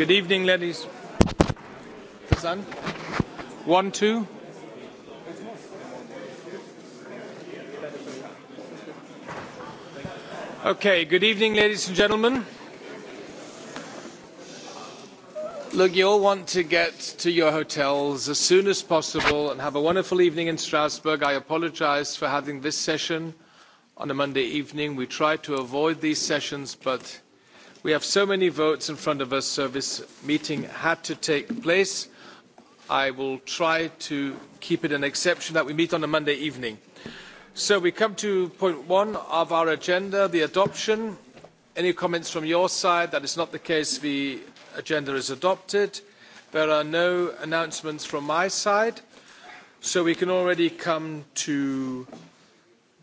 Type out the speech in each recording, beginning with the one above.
Good evening, ladies. One, two. Okay, good evening, ladies and gentlemen. Look, you all want to get to your hotels as soon as possible and have a wonderful evening in Strasbourg. I apologize for having this session on a Monday evening. We try to avoid these sessions, but We have so many votes in front of us, so this meeting had to take place. I will try to keep it an exception that we meet on a Monday evening. So we come to point one of our agenda, the adoption. Any comments from your side? That is not the case. The agenda is adopted. There are no announcements from my side. So we can already come to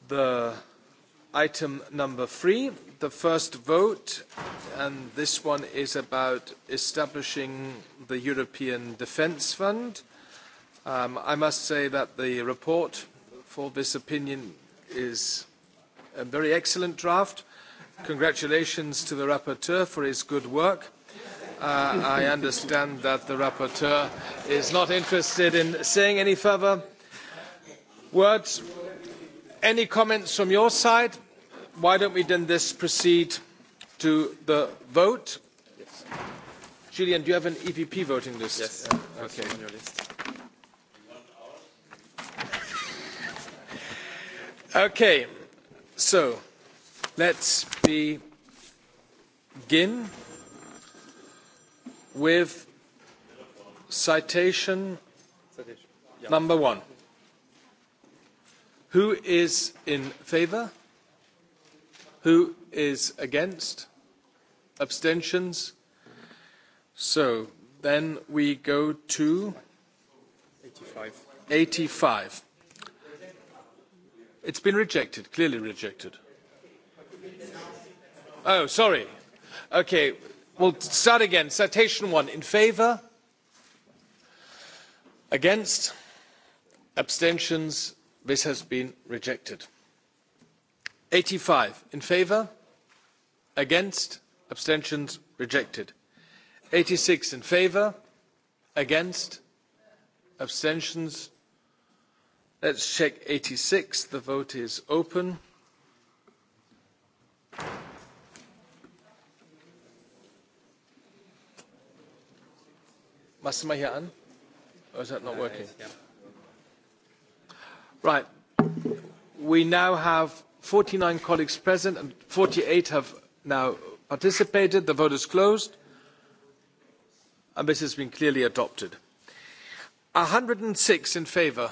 the item number three, the first vote, and this one is about establishing the European Defence Fund. Um, I must say that the report for this opinion is a very excellent draft. Congratulations to the rapporteur for his good work. Uh, I understand that the rapporteur is not interested in saying any further words. Any comments from your side? why don't we then this proceed to the vote? Yes. Julian, do you have an EPP voting list? Yes. Uh, okay. On your list. okay. So, let's begin with citation number one. Who is in favour? Who is against? Abstentions? So then we go to 85. It's been rejected, clearly rejected. Oh, sorry. Okay, we'll start again. Citation one in favour? Against? Abstentions? This has been rejected. 85 in favour against abstentions rejected 86 in favour against abstentions let's check 86 the vote is open must somebody here or is that not working right we now have 49 colleagues present and 48 have now participated. The vote is closed. And this has been clearly adopted. 106 in favour.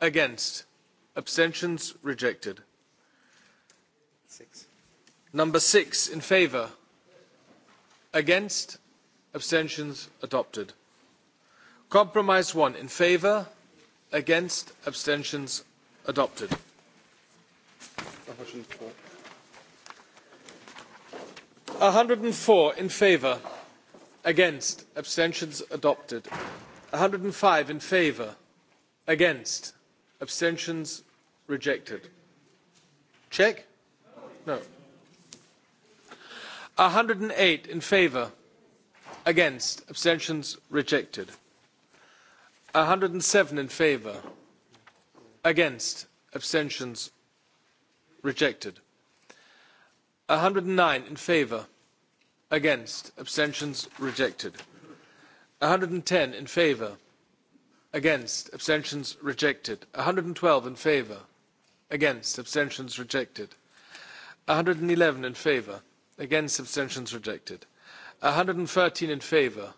Against. Abstentions rejected. Six. Number six in favour. Against. Abstentions adopted. Compromise one in favour. Against. Abstentions adopted. 104. 104 in favour. Against. Abstentions adopted. 105 in favour. Against. Abstentions rejected. Check? No. 108 in favour. Against. Abstentions rejected. 107 in favour. Against. Abstentions rejected 109 in favour against abstentions rejected 110 in favour against abstentions rejected 112 in favour against abstentions rejected 111 in favour against abstentions rejected 113 in favour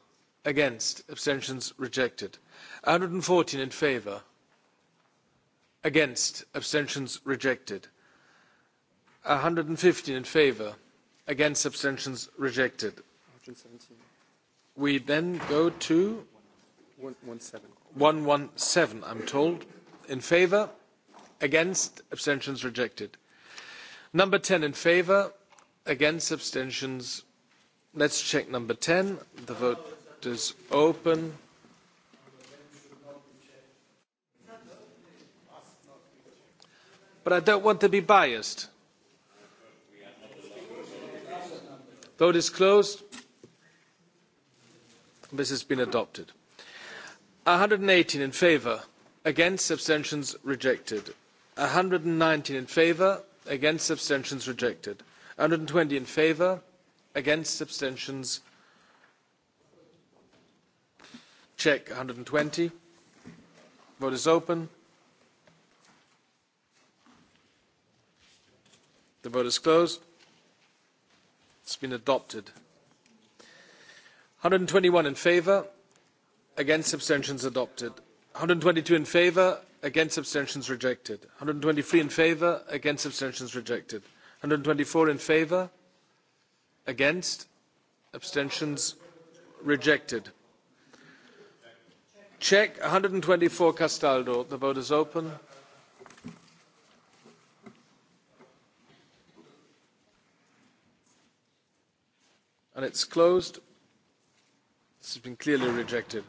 against abstentions rejected 114 in favour against abstentions rejected 115 in favour against abstentions rejected we then go to 117 117 i'm told in favour against abstentions rejected number 10 in favour against abstentions let's check number 10 the vote is open but i don't want to be biased Vote is closed. This has been adopted. 118 in favour, against abstentions rejected. 119 in favour, against abstentions rejected. 120 in favour, against abstentions check 120. Vote is open. The vote is closed. It's been adopted. 121 in favour. Against abstentions adopted. 122 in favour. Against abstentions rejected. 123 in favour. Against abstentions rejected. 124 in favour. Against abstentions rejected. Check 124 Castaldo. The vote is open. and it's closed. This has been clearly rejected.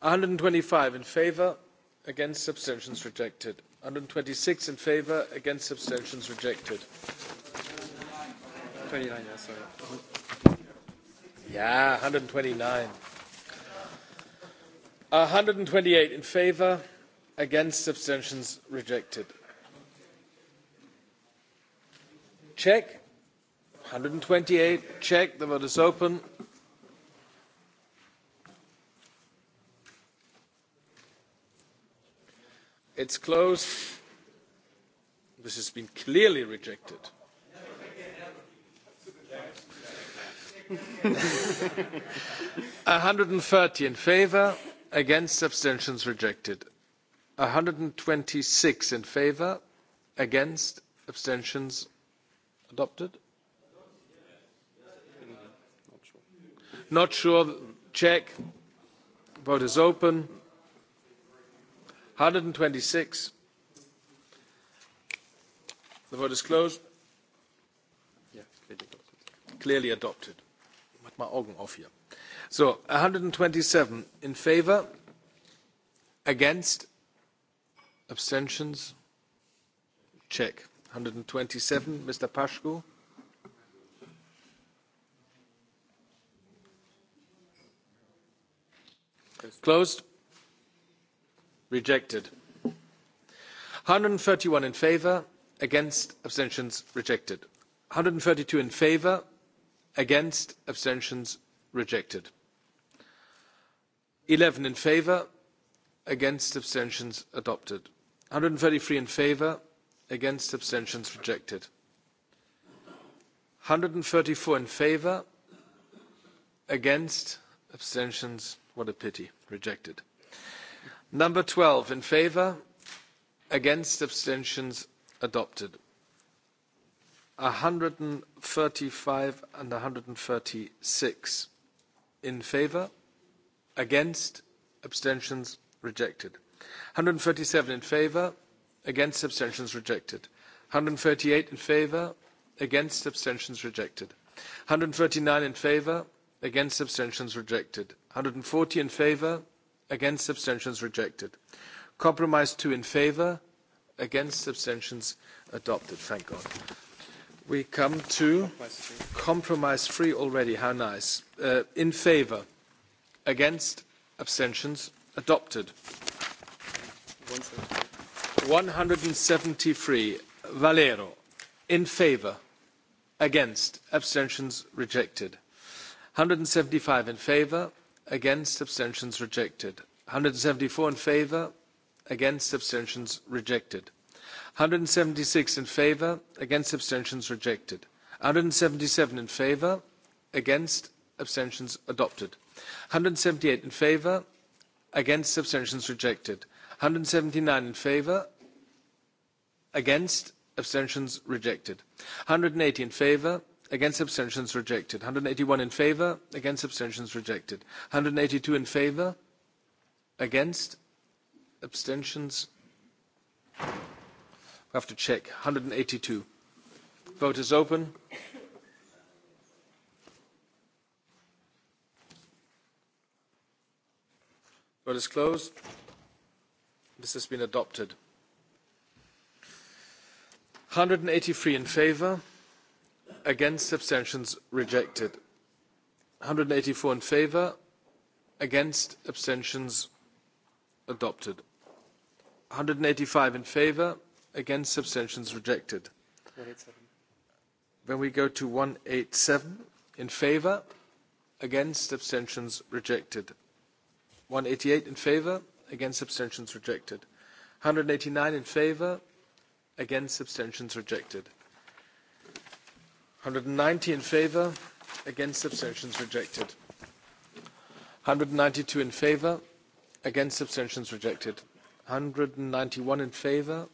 125 in favour, against abstentions rejected. 126 in favour, against abstentions rejected. 29, yeah, sorry. Yeah, 129. 128 in favour, against abstentions rejected. Check. 128 check the vote is open it's closed this has been clearly rejected one hundred and thirty in favour against abstentions rejected one hundred and twenty six in favour against abstentions adopted Not sure. Check. Vote is open. 126. The vote is closed. clearly adopted. Clearly adopted. Mach mal Augen auf hier. So, 127 in favor, against, abstentions. Check. 127, Mr. Pashku. Closed. Rejected. 131 in favor, against, abstentions rejected. 132 in favor, against, abstentions rejected. 11 in favor, against, abstentions adopted. 133 in favor, against, abstentions rejected. 134 in favor, against, abstentions What a pity. Rejected. Number 12 in favour, against abstentions adopted. 135 and 136 in favour, against abstentions rejected. 137 in favour, against abstentions rejected. 138 in favour, against abstentions rejected. 139 in favour against abstentions rejected 140 in favor against abstentions rejected compromise 2 in favor against abstentions adopted thank god we come to compromise free already how nice uh, in favor against abstentions adopted 173 valero in favor against abstentions rejected 175 in favour against abstentions rejected 174 in favour against abstentions rejected 176 in favour against abstentions rejected 177 in favour against abstentions adopted 178 in favour against abstentions rejected 179 in favour against abstentions rejected 180 in favour against abstentions rejected 181 in favor against abstentions rejected 182 in favor against abstentions we have to check 182 vote is open vote is closed this has been adopted 183 in favor against abstentions rejected 184 in favor against abstentions adopted 185 in favor against abstentions rejected when we go to 187 in favor against abstentions rejected 188 in favor against abstentions rejected 189 in favor against abstentions rejected 190 in favour. Against abstentions rejected. 192 in favour. Against abstentions rejected. 191 in favour.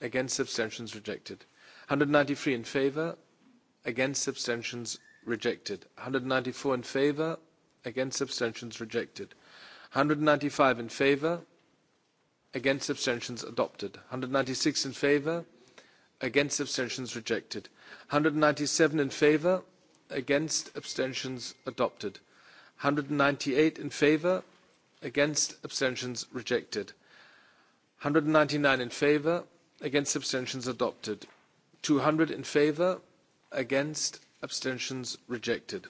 Against abstentions rejected. 193 in favour. Against abstentions rejected. 194 in favour. Against abstentions rejected. 195 in favour. Against abstentions adopted. 196 in favour against abstentions rejected 197 in favour, against abstentions adopted 198 in favour, against abstentions rejected 199 in favour, against abstentions adopted 200 in favour, against abstentions rejected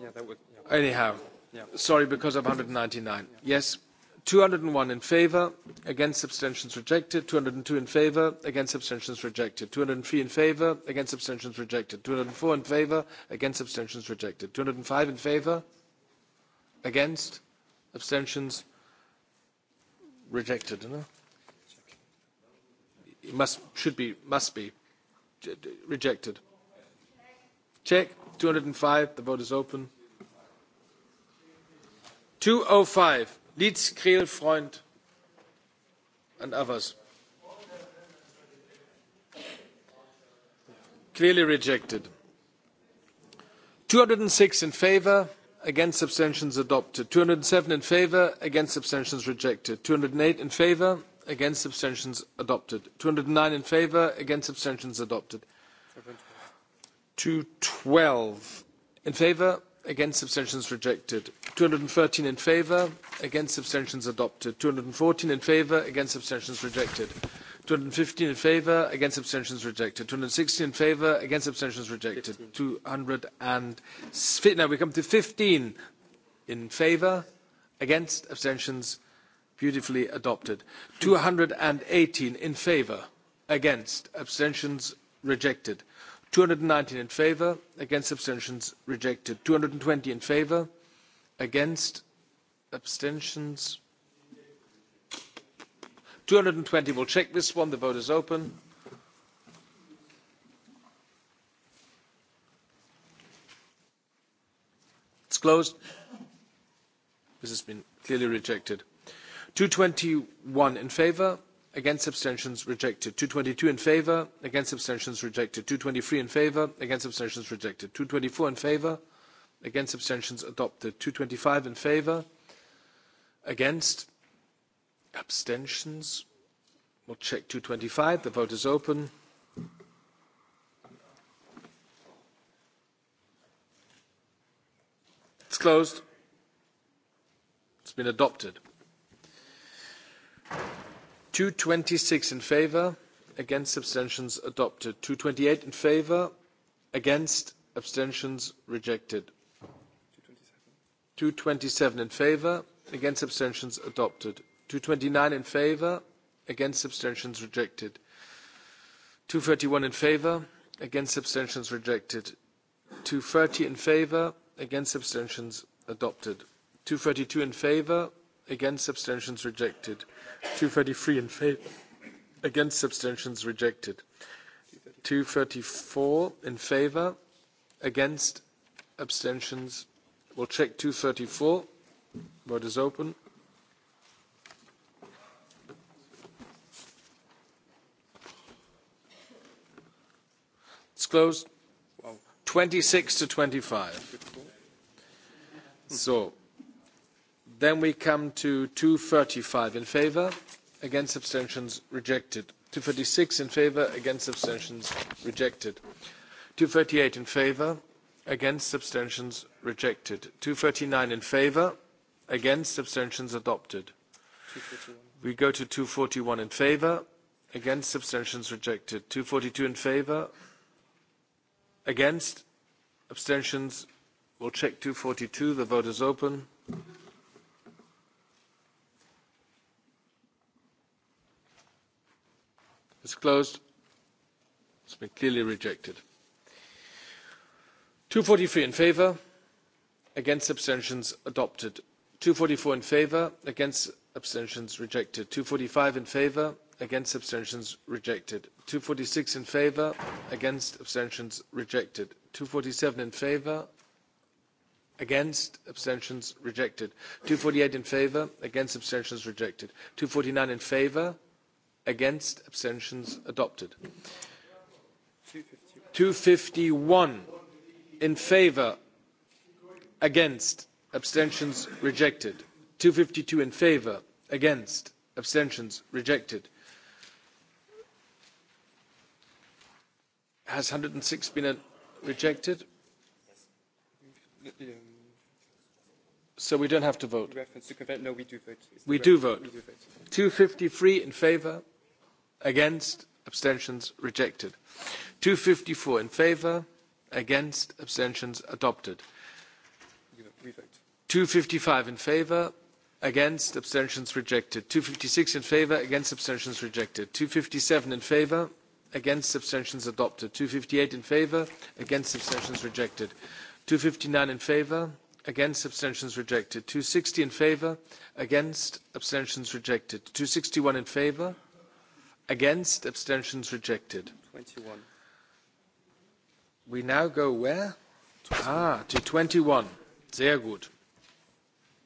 yeah that would yeah. anyhow yeah. sorry because of 199 yeah. yes 201 in favour against abstentions rejected 202 in favour against abstentions rejected 203 in favour against abstentions rejected 204 in favour against abstentions rejected 205 in favour against abstentions rejected no? it must should be must be rejected check 205 the vote is open 205 Leeds, Creel, Freund, and others. Clearly rejected. 206 in favour, against abstentions adopted. 207 in favour, against abstentions rejected. 208 in favour, against abstentions adopted. 209 in favour, against abstentions adopted. 212 in favour, against abstentions rejected. 213 in favour, against abstentions adopted 214 in favor against abstentions rejected 215 in favor against abstentions rejected 216 in favor against abstentions rejected 200 and now we come to 15 in favor against abstentions beautifully adopted 218 in favor against abstentions rejected 219 in favor against abstentions rejected 220 in favor against abstentions 220 we'll check this one the vote is open it's closed this has been clearly rejected 221 in favour, against abstentions rejected 222 in favour, against abstentions rejected 223 in favour, against abstentions rejected 224 in favour, against abstentions adopted 225 in favour. Against? Abstentions? We'll check 225. The vote is open. It's closed. It's been adopted. 226 in favour, against abstentions adopted. 228 in favour, against abstentions rejected. 227 in favour, against abstentions adopted 229 in favor against abstentions rejected 231 in favor against abstentions rejected 230 in favor against abstentions adopted 232 in favor against abstentions rejected 233 in favor against abstentions rejected 234 in favor against abstentions we'll check 234 Vote is open. It's closed. 26 to 25. So then we come to 235 in favour, against abstentions rejected. 236 in favour, against abstentions rejected. 238 in favour, against abstentions rejected. 239 in favour. Against, abstentions adopted. We go to 241 in favor. Against, abstentions rejected. 242 in favor. Against, abstentions. We'll check 242. The vote is open. It's closed. It's been clearly rejected. 243 in favor. Against, abstentions adopted. 244 in favour, against abstentions rejected. 245 in favour, against abstentions rejected. 246 in favour, against abstentions rejected. 247 in favour, against abstentions rejected. 248 in favour, against abstentions rejected. 249 in favour, against abstentions adopted. 251 in favour, against abstentions rejected 252 in favour against abstentions rejected has 106 been uh, rejected so we don't have to vote no we do vote we do vote 253 in favour against abstentions rejected 254 in favour against abstentions adopted 255 in favour against abstentions rejected 256 in favour against abstentions rejected 257 in favour against abstentions adopted 258 in favour against abstentions rejected 259 in favour against abstentions rejected 260 in favour against abstentions rejected 261 in favour against abstentions rejected 21 we now go where ah to 21 sehr gut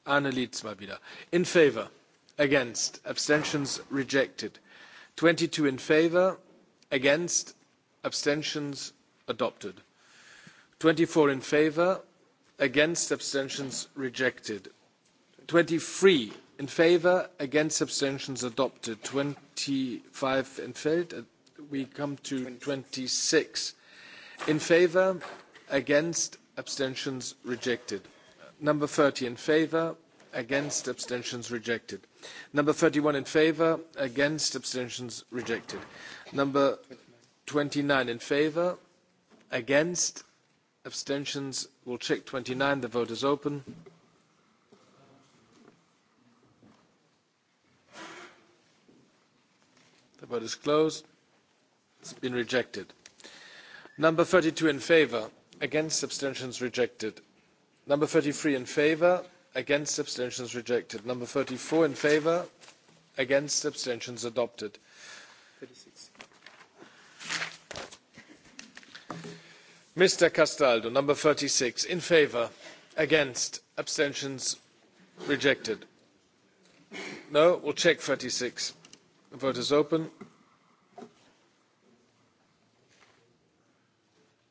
Arne Lietz mal wieder. In favor, against, abstentions rejected. 22 in favor, against, abstentions adopted. 24 in favor, against, abstentions rejected. 23 in favor, against, abstentions adopted. 25 in We come to 26. In favor, against, abstentions rejected. Number 30 in favor, against, abstentions rejected. Number 31 in favor, against, abstentions rejected. Number 29 in favor, against, abstentions. We'll check 29. The vote is open. The vote is closed. It's been rejected. Number 32 in favor, against, abstentions rejected. Number 33 in favour, against abstentions rejected. Number 34 in favour, against abstentions adopted. 36. Mr. Castaldo, number 36, in favour, against, abstentions rejected. No, we'll check 36. The vote is open.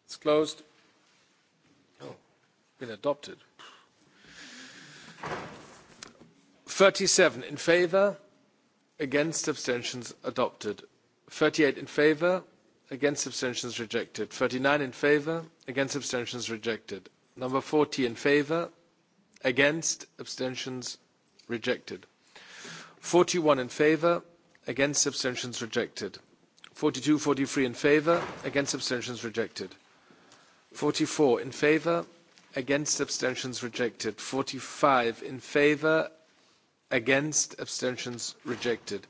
It's closed been adopted. 37 in favour, against abstentions adopted. 38 in favour, against abstentions rejected. 39 in favour, against abstentions rejected. Number 40 in favour, against abstentions rejected. 41 in favour, against abstentions rejected. 42, 43 in favour, against abstentions rejected. 44 in favour, against abstentions rejected 45 in favor against abstentions rejected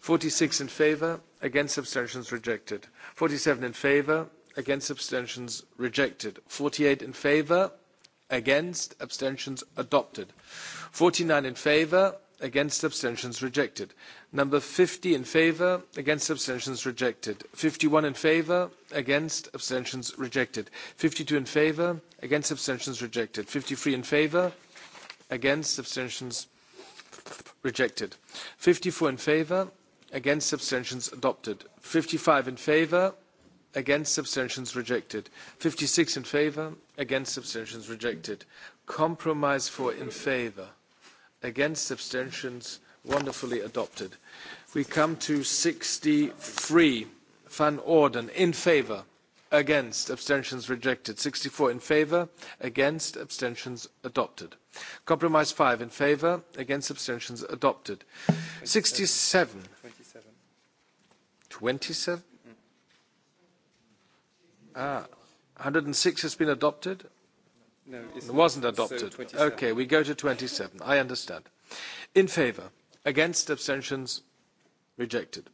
46 in favor against abstentions rejected 47 in favor against abstentions rejected 48 in favor against abstentions adopted 49 in favor against abstentions rejected number 50 in favor against abstentions rejected 51 in favor against abstentions rejected 52 in favor against abstentions rejected 53 in favor against abstentions rejected 54 in favor against abstentions adopted 55 in favor against abstentions rejected 56 in favor against abstentions rejected compromise for in favor against abstentions wonderfully adopted. We come to 63 van Orden in favour against abstentions rejected 64 in favour against abstentions adopted compromise 5 in favour against abstentions adopted 67 27 27 ah 106 has been adopted No, it wasn't adopted. So okay, we go to 27. I understand. In favour. Against abstentions rejected.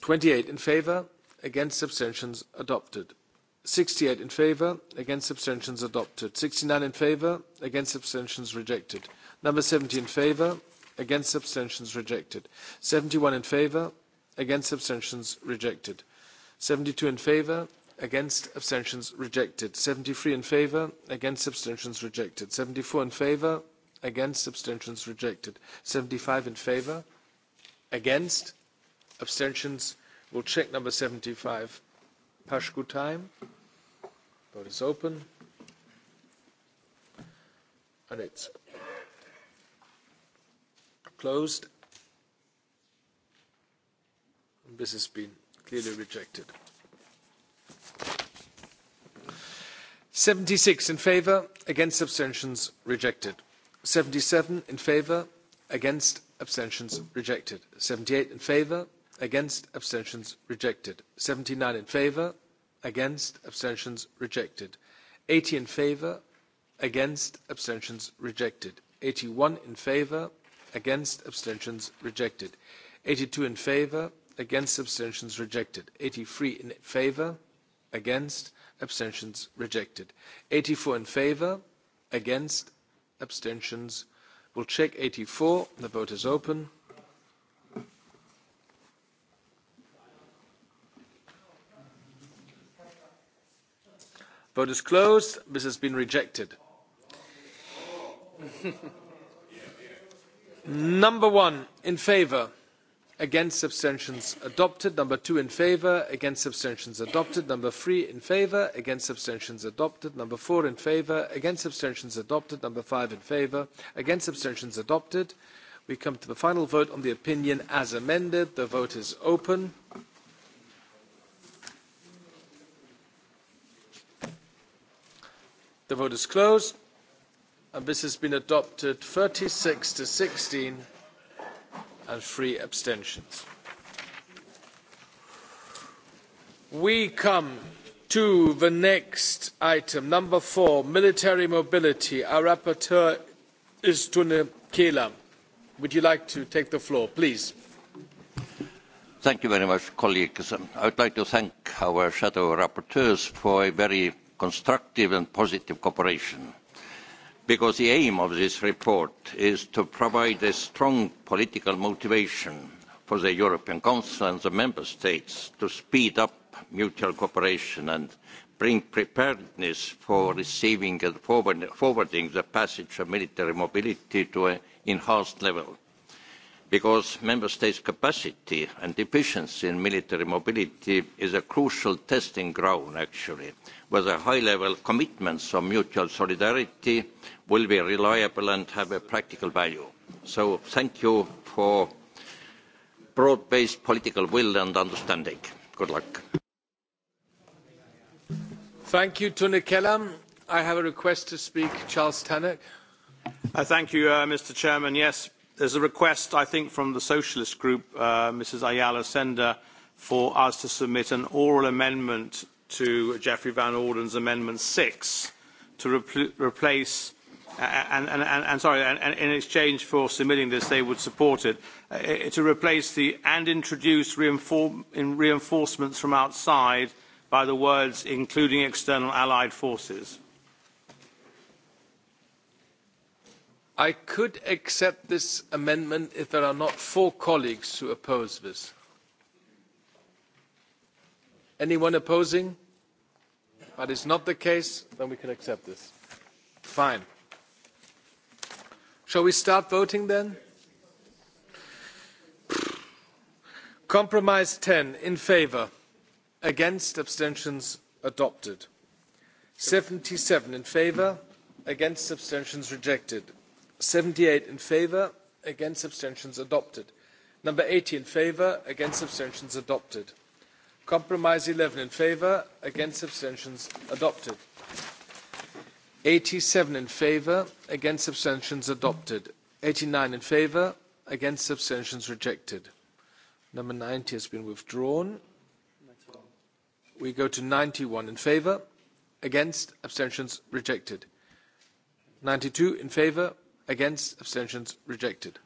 28 uh, in favour. Against abstentions adopted. 68 in favour. Against abstentions adopted. 69 in favour. Against abstentions rejected. Number 70 in favour. Against abstentions rejected. 71 in favour. Against abstentions rejected. 72 in favour against abstentions rejected 73 in favor against abstentions rejected 74 in favor against abstentions rejected 75 in favor against abstentions we'll check number 75 pashku time vote is open and it's closed this has been clearly rejected seventy six in favour against abstentions rejected seventy seven in favour against abstentions rejected seventy eight in favour against abstentions rejected seventy nine in favour against abstentions rejected eighty in favour against abstentions rejected eighty one in favour against abstentions rejected eighty two in favour against abstentions rejected eighty three in favour against abstentions rejected 84 in favor against abstentions we'll check 84 the vote is open vote is closed this has been rejected number one in favor against abstentions adopted number two in favour against abstentions adopted number three in favour against abstentions adopted number four in favour against abstentions adopted number five in favour against abstentions adopted we come to the final vote on the opinion as amended the vote is open the vote is closed and this has been adopted 36 to 16 and three abstentions. We come to the next item, number four, military mobility. Our rapporteur is Tune Kela. Would you like to take the floor, please? Thank you very much, colleagues. I would like to thank our shadow rapporteurs for a very constructive and positive cooperation because the aim of this report is to provide a strong political motivation for the European Council and the Member States to speed up mutual cooperation and bring preparedness for receiving and forwarding the passage of military mobility to an enhanced level because member states' capacity and efficiency in military mobility is a crucial testing ground, actually, whether high-level commitments of mutual solidarity will be reliable and have a practical value. So thank you for broad-based political will and understanding. Good luck. Thank you, Tony Kellam. I have a request to speak, Charles Tannock. Uh, thank you, uh, Mr. Chairman. Yes, There's a request, I think, from the Socialist Group, uh, Mrs. Ayala Sender, for us to submit an oral amendment to Geoffrey Van Orden's Amendment 6 to repl replace and, and, and, and sorry, and, and in exchange for submitting this, they would support it, uh, to replace the and introduce in reinforcements from outside by the words including external allied forces. I could accept this amendment if there are not four colleagues who oppose this. Anyone opposing? That is not the case, then we can accept this. Fine. Shall we start voting then? Compromise 10 in favour, against abstentions adopted. 77 in favour, against abstentions rejected. 78 in favour against abstentions adopted number 80 in favour against abstentions adopted compromise 11 in favour against abstentions adopted 87 in favour against abstentions adopted 89 in favour against abstentions rejected number 90 has been withdrawn we go to 91 in favour against abstentions rejected 92 in favour against abstentions rejected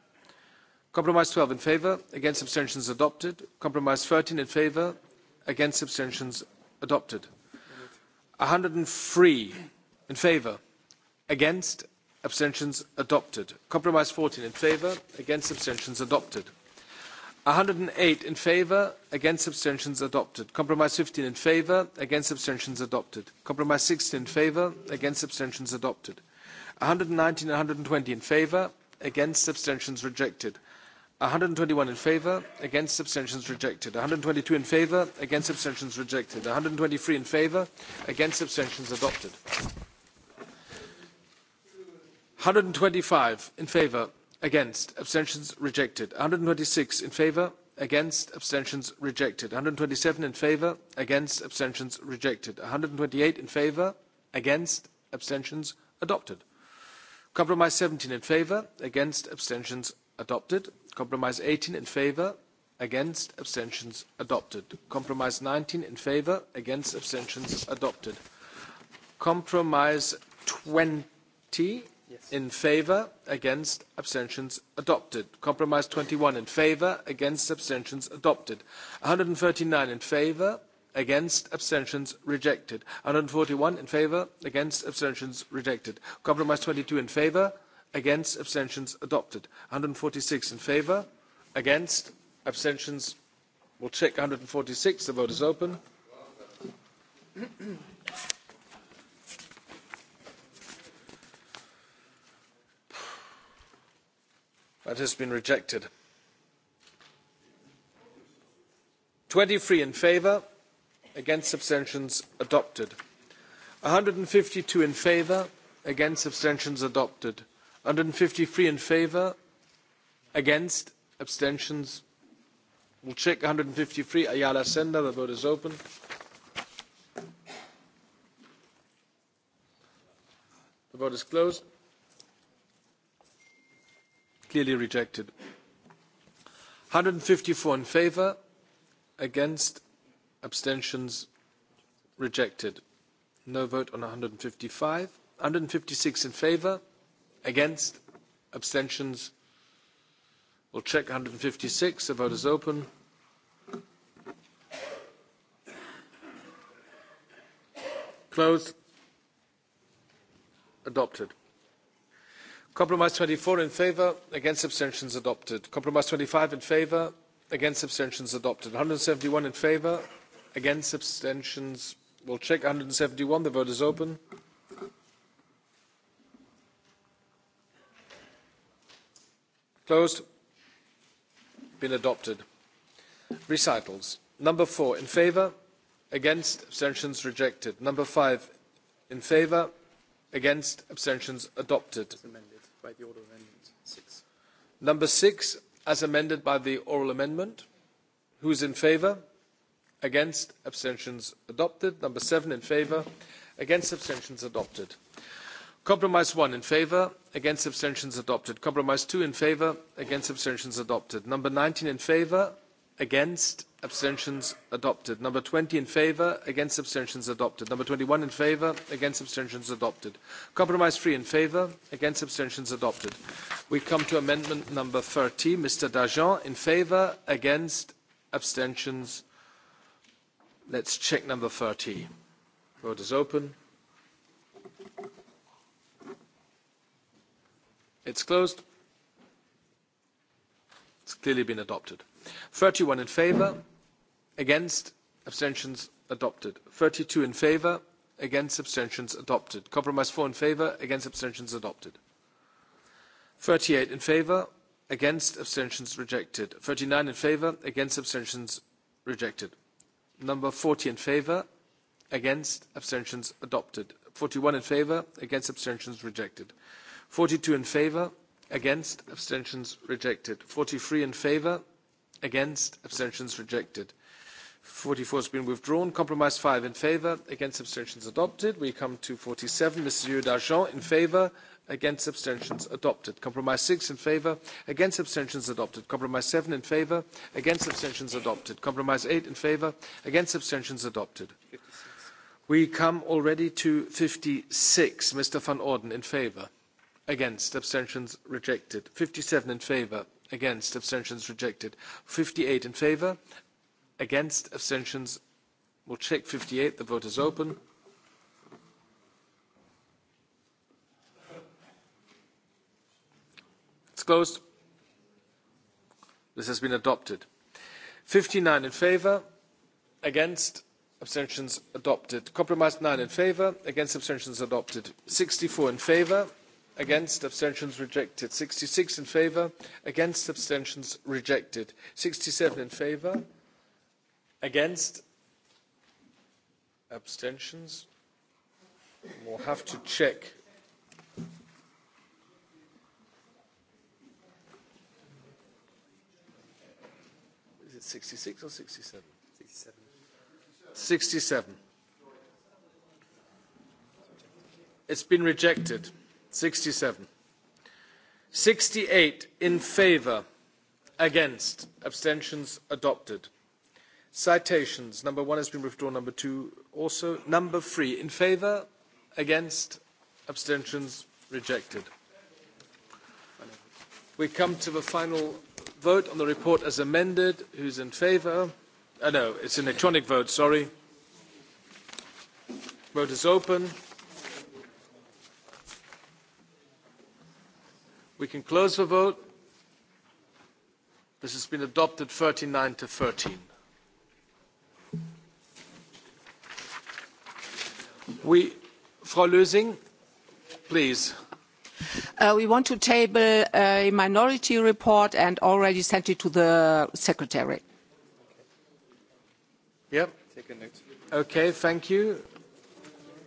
compromise 12 in favor against abstentions adopted compromise 13 in favor against abstentions adopted 103 in favor against abstentions adopted compromise 14 in favor against abstentions adopted 108 in favor against abstentions adopted compromise 15 in favor against abstentions adopted compromise 16 in favor against abstentions adopted 119 and 120 in favour, against abstentions rejected. 121 in favour, against abstentions rejected. 122 in favour, against abstentions rejected. 123 in favour, against abstentions adopted. 125 in favour, against abstentions rejected. 126 in favour, against abstentions rejected 127 in favour, against abstentions rejected 128 in favour, against abstentions adopted Compromise 17 in favour, against abstentions adopted. Compromise 18 in favour, against abstentions adopted. Compromise 19 in favour, against abstentions adopted. Compromise 20 yes. in favour, against abstentions adopted. Compromise 21 in favour, against abstentions adopted. 139 in favour, against abstentions rejected 141 in favor against abstentions rejected compromise 22 in favor against abstentions adopted 146 in favor against abstentions we'll check 146 the vote is open that has been rejected 23 in favor against abstentions adopted 152 in favour against abstentions adopted 153 in favour against abstentions we'll check 153 ayala sender the vote is open the vote is closed clearly rejected 154 in favour against abstentions rejected no vote on 155 156 in favor against abstentions we'll check 156 the vote is open closed adopted compromise 24 in favor against abstentions adopted compromise 25 in favor against abstentions adopted 171 in favor against abstentions we'll check 171 the vote is open closed been adopted recitals number four in favour against abstentions rejected number five in favour against abstentions adopted as amended by the oral amendment six number six as amended by the oral amendment Who is in favour against abstentions adopted number seven in favour against abstentions adopted compromise one in favour against abstentions adopted compromise two in favour against abstentions adopted number nineteen in favour against abstentions adopted number twenty in favour against abstentions adopted number twenty one in favour against abstentions adopted compromise three in favour against abstentions adopted we come to amendment number thirty mr danjean in favour against abstentions Let's check number 30. Vote is open. It's closed. It's clearly been adopted. 31 in favor, against, abstentions adopted. 32 in favor, against, abstentions adopted. Compromise 4 in favor, against, abstentions adopted. 38 in favor, against, abstentions rejected. 39 in favor, against, abstentions rejected. Number 40 in favour, against, abstentions adopted. 41 in favour, against, abstentions rejected. 42 in favour, against, abstentions rejected. 43 in favour, against, abstentions rejected. 44 has been withdrawn. Compromise 5 in favour, against, abstentions adopted. We come to 47. Mr. Dargent in favour, against abstentions adopted compromise 6 in favor against abstentions adopted compromise 7 in favor against abstentions adopted compromise 8 in favor against abstentions adopted 56. we come already to 56 mr van orden in favor against abstentions rejected 57 in favor against abstentions rejected 58 in favor against abstentions we'll check 58 the vote is open closed. This has been adopted. 59 in favour, against, abstentions adopted. Compromise 9 in favour, against, abstentions adopted. 64 in favour, against, abstentions rejected. 66 in favour, against, abstentions rejected. 67 in favour, against, abstentions. We'll have to check. 66 or 67? 67. 67. It's been rejected. 67. 68 in favour. Against. Abstentions adopted. Citations. Number one has been withdrawn. Number two also. Number three in favour. Against. Abstentions rejected. We come to the final vote on the report as amended. Who's in favour? Uh, no, it's an electronic vote, sorry. Vote is open. We can close the vote. This has been adopted 39 to 13. We, Frau Lösing, please. Uh, we want to table uh, a minority report and already sent it to the secretary. Yep. Okay, thank you.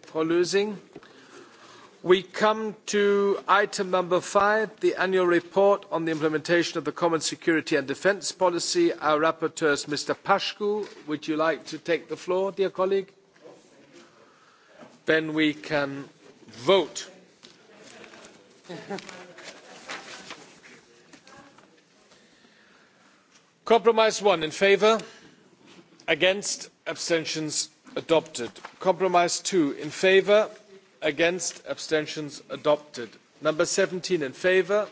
For losing. We come to item number five, the annual report on the implementation of the Common Security and Defence Policy. Our rapporteur is Mr. Pashku. Would you like to take the floor, dear colleague? Then we can vote compromise one in favour against abstentions adopted compromise two in favour against abstentions adopted number seventeen in favour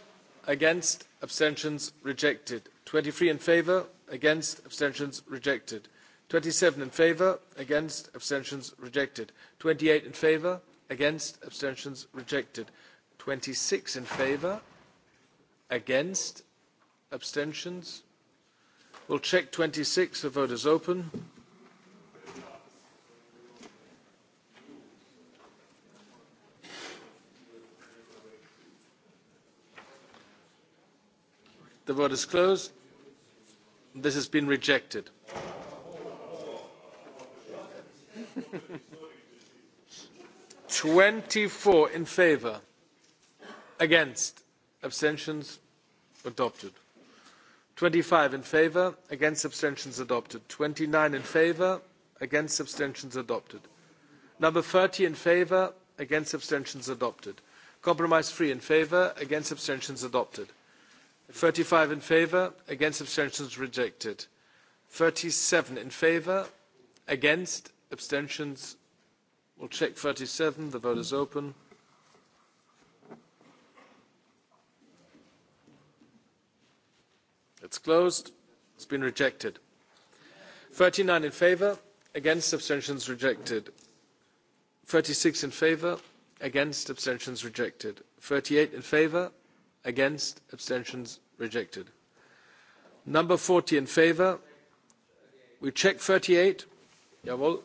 against abstentions rejected twenty three in favour against abstentions rejected twenty seven in favour against abstentions rejected twenty eight in favour against abstentions rejected 26 in favor, against, abstentions. We'll check 26. The vote is open. The vote is closed. This has been rejected. Twenty-four in favour against abstentions adopted 25 in favor against abstentions adopted 29 in favor against abstentions adopted number 30 in favor against abstentions adopted compromise 3 in favor against abstentions adopted 35 in favor against abstentions rejected 37 in favor against abstentions we'll check 37 the vote is open It's closed. It's been rejected. 39 in favour. Against abstentions rejected. 36 in favour. Against abstentions rejected. 38 in favour. Against abstentions rejected. Number 40 in favour. We check 38. Jawohl.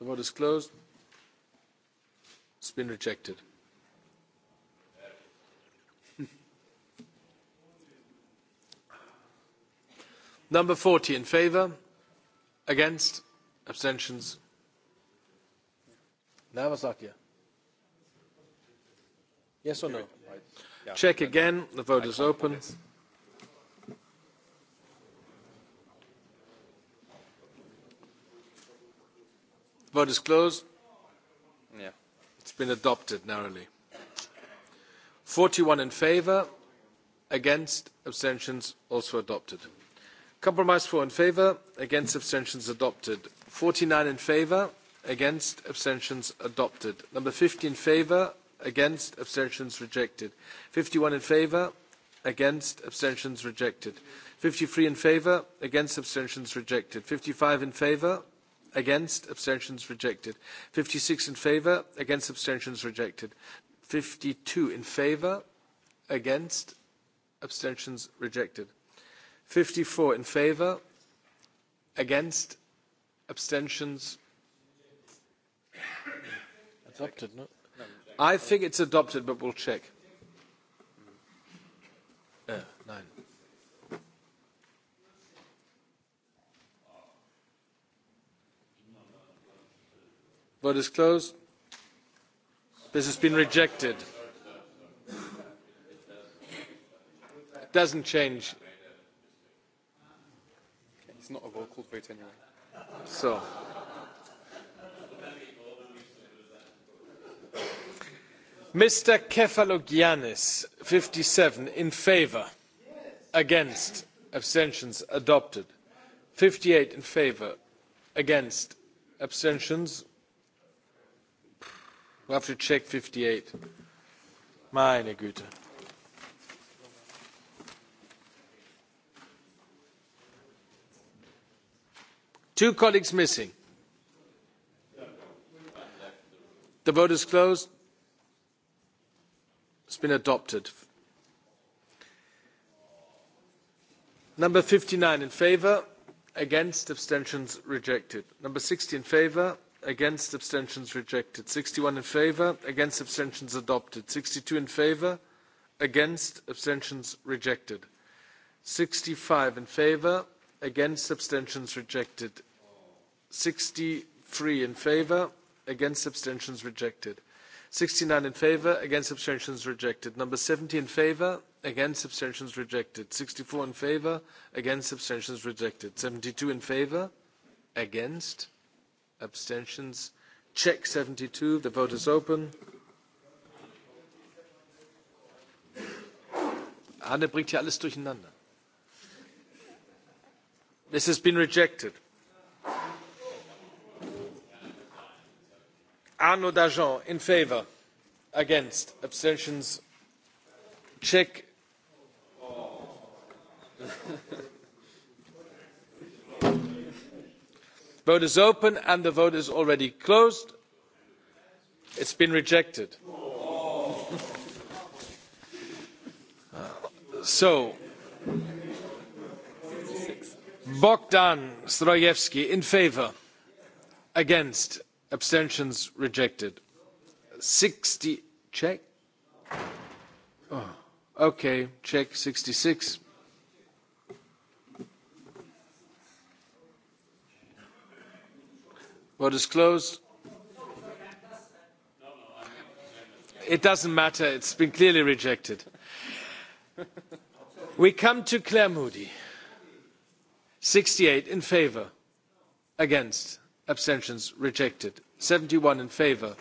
The vote is closed. It's been rejected. Number 40 in favour. Against. Abstentions. Navasakia. Yes or no? Check again. The vote is open. Vote is closed. It's been adopted narrowly. 41 in favour, against, abstentions also adopted. Compromise 4 in favour, against, abstentions adopted. 49 in favour, against, abstentions adopted. Number 50 in favour, against, abstentions rejected. 51 in favour, against abstentions rejected 53 in favor against abstentions rejected 55 in favor against abstentions rejected 56 in favor against abstentions rejected 52 in favor against abstentions rejected 54 in favor against abstentions adopted no I think it's adopted but we'll check Vote is closed. This has been rejected. It doesn't change. It's not a vocal vote anyway. So. Mr. Kefalogiannis, 57, in favour. Against. Abstentions adopted. 58 in favour. Against. Abstentions We have to check 58. Meine Güte. Two colleagues missing. The vote is closed. It's been adopted. Number 59 in favour, against, abstentions rejected. Number 60 in favour, against abstentions rejected 61 in favour against abstentions adopted 62 in favour against abstentions rejected 65 in favour against abstentions rejected 63 in favour against abstentions rejected 69 in favour against abstentions rejected number 70 in favour against abstentions rejected 64 in favour against abstentions rejected 72 in favour against abstentions check 72 the vote is open Anne ah, bringt hier alles durcheinander this has been rejected Arnaud Dajon in favor against abstentions check vote is open and the vote is already closed it's been rejected so bogdan zdrojewski in favour against abstentions rejected sixty check oh, okay check sixty six Vote is closed. It doesn't matter. It's been clearly rejected. We come to Claire Moody. 68 in favour. Against. Abstentions rejected. 71 in favour.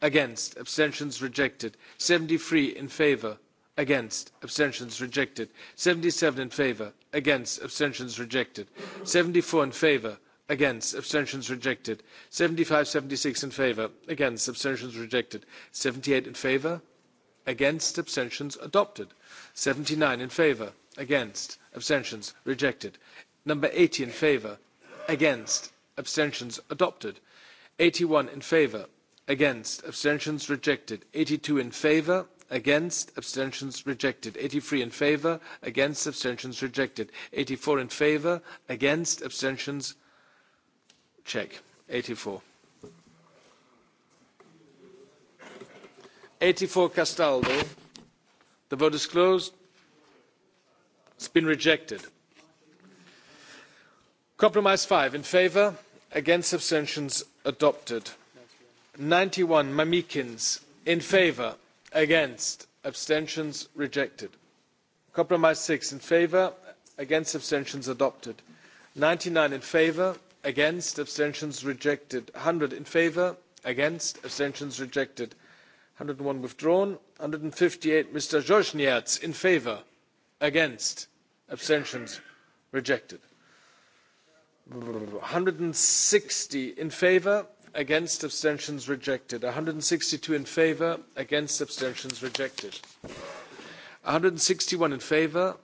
Against. Abstentions rejected. 73 in favour against abstentions rejected 77 in favor against abstentions rejected 74 in favor against abstentions rejected 75 76 in favour. against abstentions rejected 78 in favour. against abstentions adopted 79 in favour. against abstentions rejected number 80 in favour. against abstentions adopted 81 in favour. against abstentions rejected 82 in favour. against abstentions rejected 83 in favour. against abstentions rejected 84 in favour. against abstentions Check. 84. 84 Castaldo. The vote is closed. It's been rejected. Compromise 5 in favour, against abstentions adopted. 91 Mamikins in favour, against abstentions rejected. Compromise 6 in favour, against abstentions adopted. 99 in favour, against abstentions rejected one hundred in favour against abstentions rejected one hundred and one withdrawn one hundred and fifty eight mr sonierz in favour against abstentions rejected one hundred and sixty in favour against abstentions rejected one hundred and sixty two in favour against abstentions rejected one hundred and sixty one in favour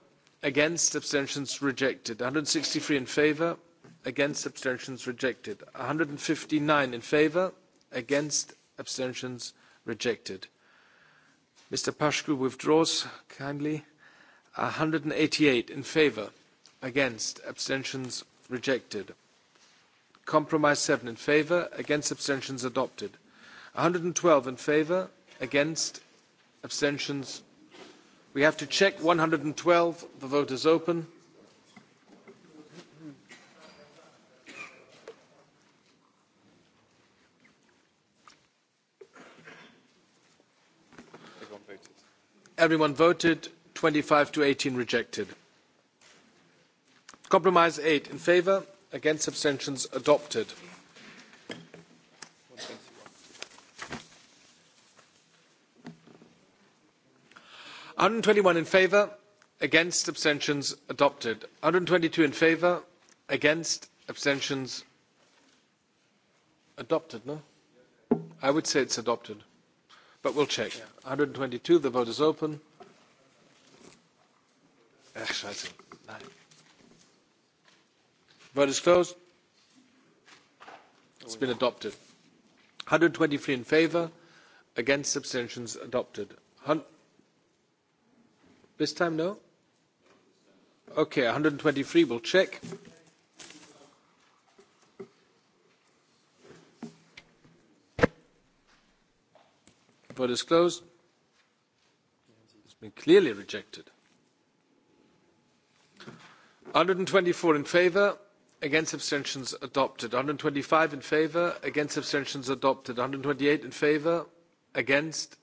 against abstentions rejected one hundred and sixty three in favour against abstentions rejected 159 in favor against abstentions rejected mr pashku withdraws kindly 188 in favor against abstentions rejected compromise 7 in favor against abstentions adopted 112 in favor against abstentions we have to check 112 the vote is open Everyone voted. 25 to 18 rejected. Compromise 8 in favour. Against abstentions adopted. One hundred and twenty one in favour. Against abstentions adopted. One hundred and twenty two in favour. Against abstentions adopted, no? I would say it's adopted. But we'll check. 122, the vote is open. Ach, scheiße. Nein. Vote is closed. It's been adopted. 123 in favour, against abstentions adopted. Hun this time, no? Okay, 123, we'll check. Vote is closed. It's been clearly rejected. 124 in favour, against abstentions adopted. 125 in favour, against abstentions adopted. 128 in favour, against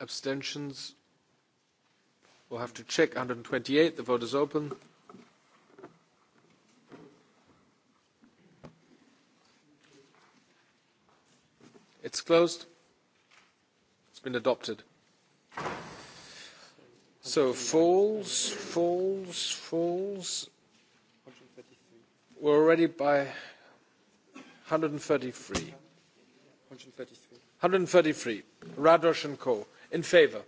abstentions. We'll have to check 128. The vote is open. It's closed. It's been adopted. So falls, falls, falls. We're already by 133. 133. 133. Radosh and Co. In favour.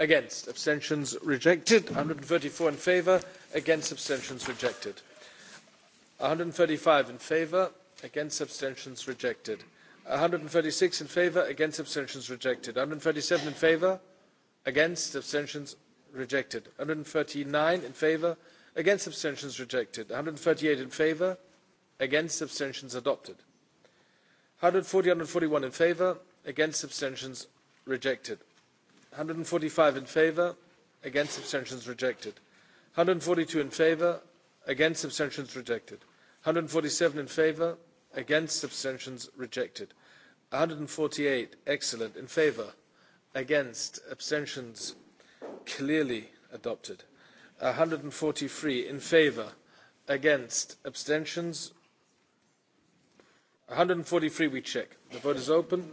Against. Abstentions rejected. 134 in favour. Against. Abstentions rejected. 135 in favour. Against. Abstentions rejected. 136 in favour against abstentions rejected 137 in favour against abstentions rejected 139 în favour against abstentions rejected 138 in favour against abstentions adopted 140 141 in favour against abstentions rejected 145 in favour against abstentions rejected 142 in favour against abstentions rejected 147 in favour against abstentions rejected 148 excellent in favour against abstentions clearly adopted 143 in favour against abstentions 143 we check the vote is open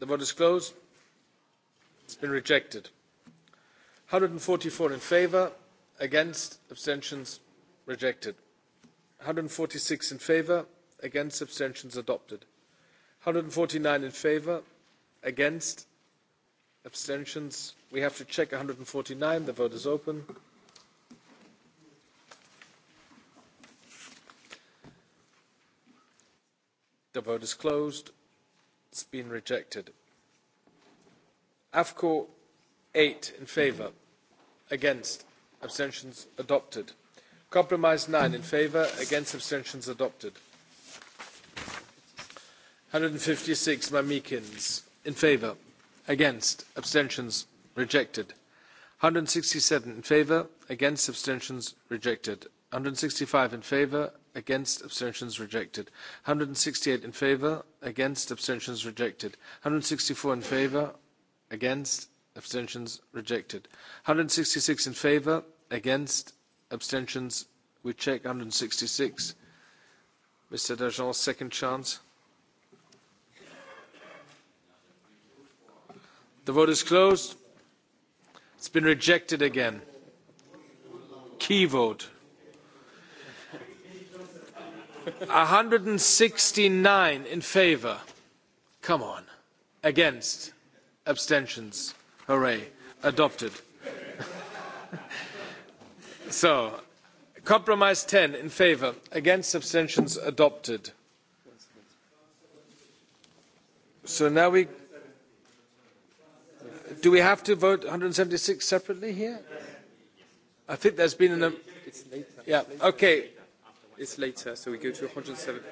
the vote is closed it's been rejected 144 in favour against abstentions rejected 146 in favour against abstentions adopted 149 in favour against abstentions we have to check 149 the vote is open the vote is closed it's been rejected afco 8 in favour against abstentions adopted compromise 9 in favour against abstentions adopted 156 mamikins in favour against abstentions rejected 167 in favour against abstentions rejected 165 in favour against abstentions rejected 168 in favour against abstentions rejected 164 in favour against abstentions rejected 166 in favour, against abstentions we check 166 mr Dajon, second chance the vote is closed it's been rejected again key vote 169 in favour. come on against abstentions Hooray. Adopted. so, compromise 10 in favour. Against abstentions adopted. So now we. Do we have to vote 176 separately here? I think there's been an. It's later. Yeah, okay. It's later, so we go to 170.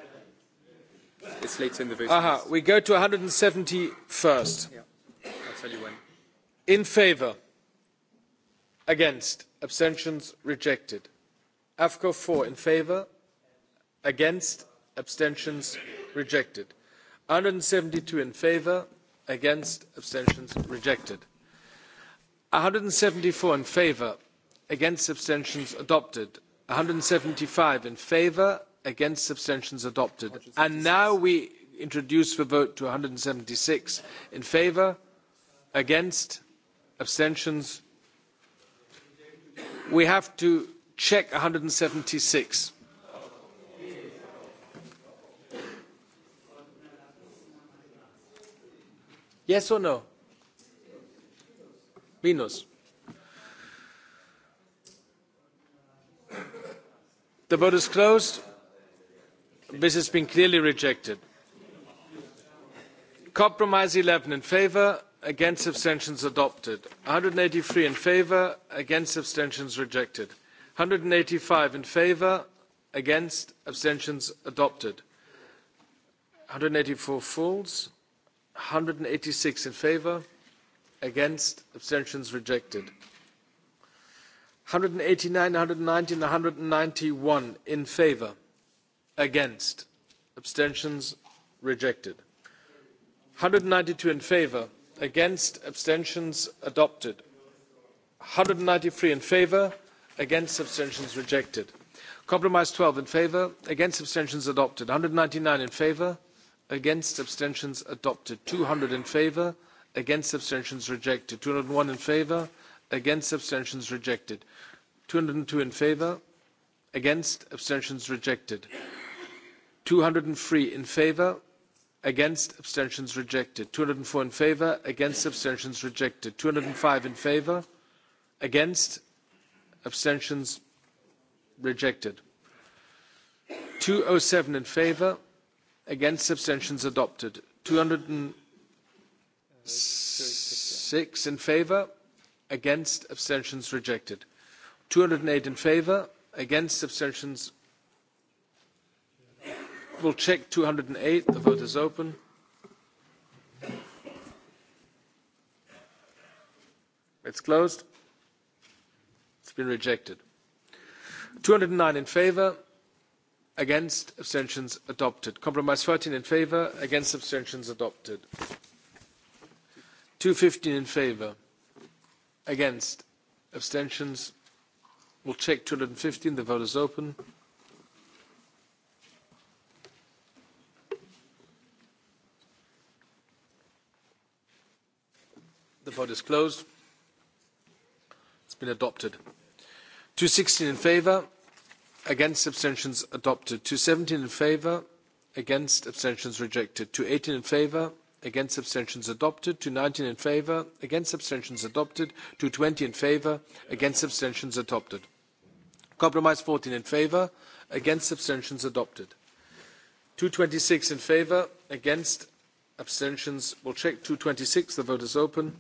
It's later in the vote. Aha, uh -huh. we go to 170 first. Yeah, I'll tell you when in favour against abstentions rejected afco four in favour against abstentions rejected one hundred and seventy two in favour against abstentions rejected one hundred and seventy four in favour against abstentions adopted one hundred and seventy five in favour against abstentions adopted and now we introduce the vote to one hundred and seventy six in favour against abstentions we have to check 176 yes or no minus the vote is closed this has been clearly rejected compromise 11 in favor against abstentions adopted one hundred and eighty three in favour against abstentions rejected one hundred and eighty five in favour against abstentions adopted one one hundred hundred and eighty four and eighty six in favour against abstentions rejected one hundred and eighty nine one one hundred hundred and and ninety one in favour against abstentions rejected one hundred and ninety two in favour against abstentions adopted one hundred and ninety three in favour against abstentions rejected compromise twelve in favour against abstentions adopted one hundred and ninety nine in favour against abstentions adopted two hundred in favour against abstentions rejected two hundred and one in favour against abstentions rejected two hundred and two in favour against abstentions rejected two hundred and three in favour against abstentions rejected two hundred and four in favour against abstentions rejected two hundred and five in favour against abstentions rejected two hundred and seven in favour against abstentions adopted two hundred and six in favour against abstentions rejected two hundred and eight in favour against abstentions We'll check 208. The vote is open. It's closed. It's been rejected. 209 in favor, against, abstentions adopted. Compromise 13 in favor, against, abstentions adopted. 215 in favor, against, abstentions. We'll check 215. The vote is open. The vote is closed. It's been adopted. 216 in favour. Against abstentions adopted. 217 in favour. Against abstentions rejected. 218 in favour. Against abstentions adopted. 219 in favour. Against abstentions adopted. 220 in favour. Against abstentions adopted. Compromise 14 in favour. Against abstentions adopted. 226 in favour. Against abstentions we'll check 226 the vote is open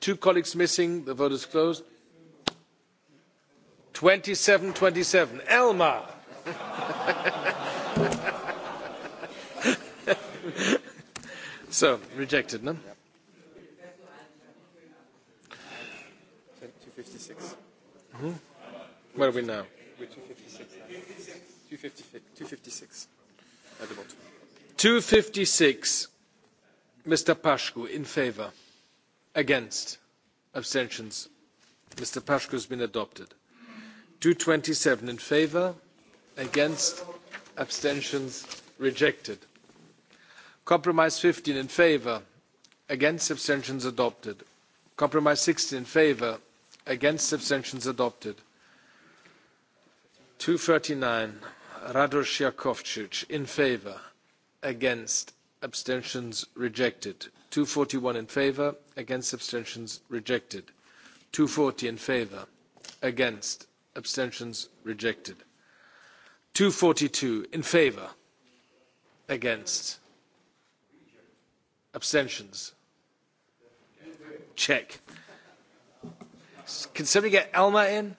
two colleagues missing the vote is closed 27 27 elmar so rejected no 256 Hmm? Where are we now? We're 256. 256 at the bottom. 256. Mr. Pashku in favour. Against. Abstentions. Mr. Pashku has been adopted. 227 in favour. Against. Abstentions. Rejected. Compromise 15 in favour. Against. Abstentions adopted. Compromise 16 in favour against abstentions adopted 239 radosz yakovcic in favour. against abstentions rejected 241 in favour. against abstentions rejected 240 in favour. against abstentions rejected 242 in favour. against abstentions check Can somebody get Elma in?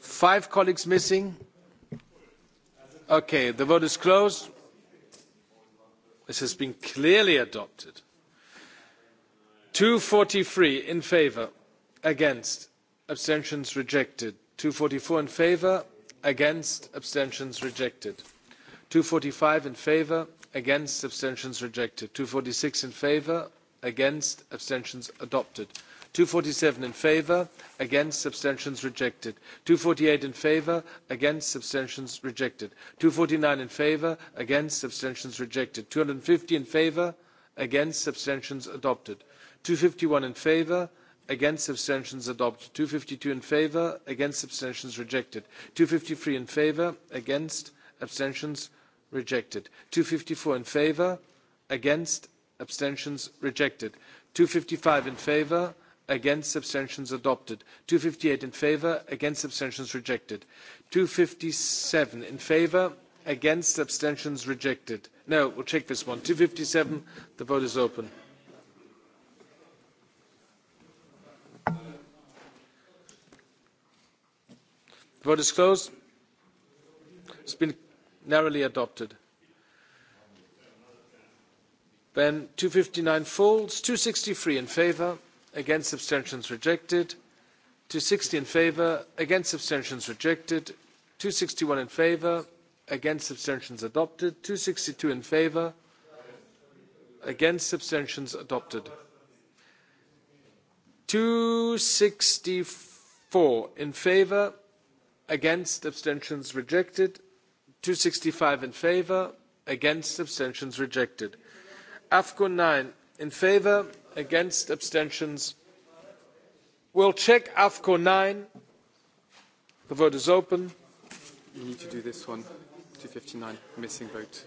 Five colleagues missing. Okay, the vote is closed. This has been clearly adopted. 243 in favour, against, abstentions rejected. 244 in favour, against, abstentions rejected. 245 in favour, against abstentions rejected two hundred and forty six in favour against abstentions adopted two hundred and forty seven in favour against abstentions rejected two hundred and forty eight in favour against abstentions rejected two hundred and forty nine in favour against abstentions rejected two hundred and fifty in favour against abstentions adopted two hundred and fifty one in favour against abstentions adopted two hundred and fifty two in favour against abstentions rejected two hundred and fifty three in favour against abstentions rejected. 254 in favour, against, abstentions rejected. 255 in favour, against, abstentions adopted. 258 in favour, against, abstentions rejected. 257 in favour, against, abstentions rejected. No, we'll check this one. 257, the vote is open. The vote is closed. It's been narrowly adopted. Then 259 folds, 263 in favour, against abstentions rejected, 260 in favour, against abstentions rejected, 261 in favour, against abstentions adopted, 262 in favour, against abstentions adopted. 264 in favour, against abstentions rejected, 265 in favor, against abstentions rejected afco 9 in favor, against abstentions we'll check afco 9 the vote is open you need to do this one 259 missing vote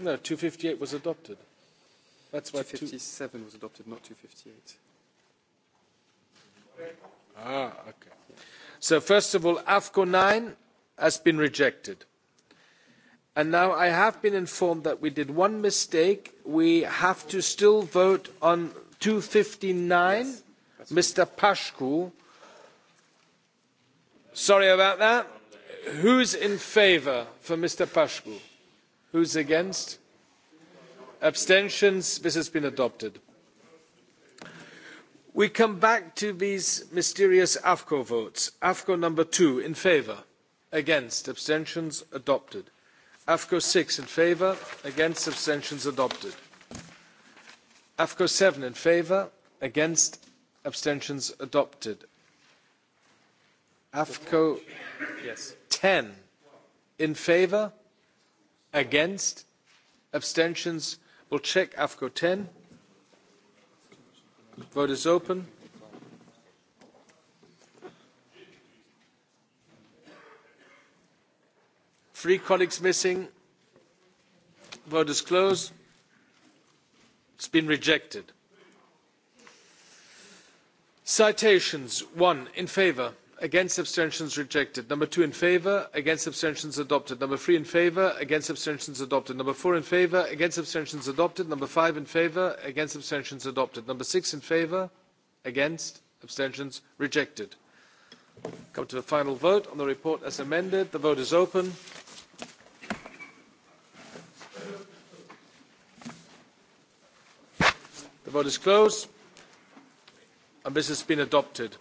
no 258 was adopted that's why 257 two... was adopted not 258 Ah, okay. So first of all, AFCO 9 has been rejected. And now I have been informed that we did one mistake. We have to still vote on 259, yes, Mr. Pashku. Sorry about that. Who's in favour for Mr. Pashku? Who's against? Abstentions? This has been adopted. We come back to these mysterious AFCO votes. AFCO number two in favour, against, abstentions adopted. AFCO six in favour, against, abstentions adopted. AFCO seven in favour, against, abstentions adopted. AFCO yes. in favour, against, abstentions. We'll check AFCO ten. Vote is open. Three colleagues missing. Vote is closed. It's been rejected. Citations. One in favour against abstentions rejected number two in favour against abstentions adopted number three in favour against abstentions adopted number four in favour against abstentions adopted number five in favour against abstentions adopted number six in favour against abstentions rejected come to the final vote on the report as amended the vote is open the vote is closed and this has been adopted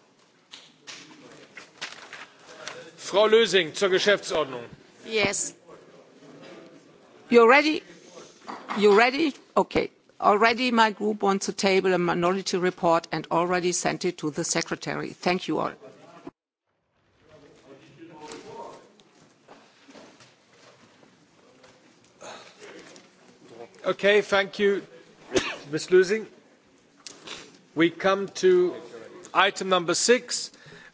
Frau Lösing zur Geschäftsordnung. Yes. You're ready? You ready? Okay. Already my group wants to table a minority report and already sent it to the secretary. Thank you all. Okay, thank you, Ms. Lösing. We come to item number six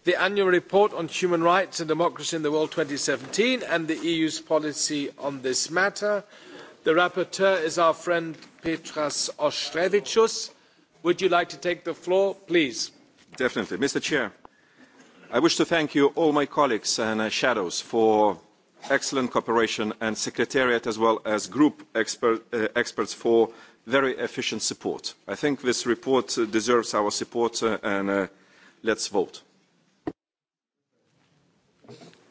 the annual report on human rights and democracy in the world 2017 and the EU's policy on this matter. The rapporteur is our friend Petras Ostrevicius. Would you like to take the floor, please? Definitely. Mr. Chair, I wish to thank you, all my colleagues and uh, shadows, for excellent cooperation and secretariat as well as group expert, uh, experts for very efficient support. I think this report uh, deserves our support uh, and uh, let's vote.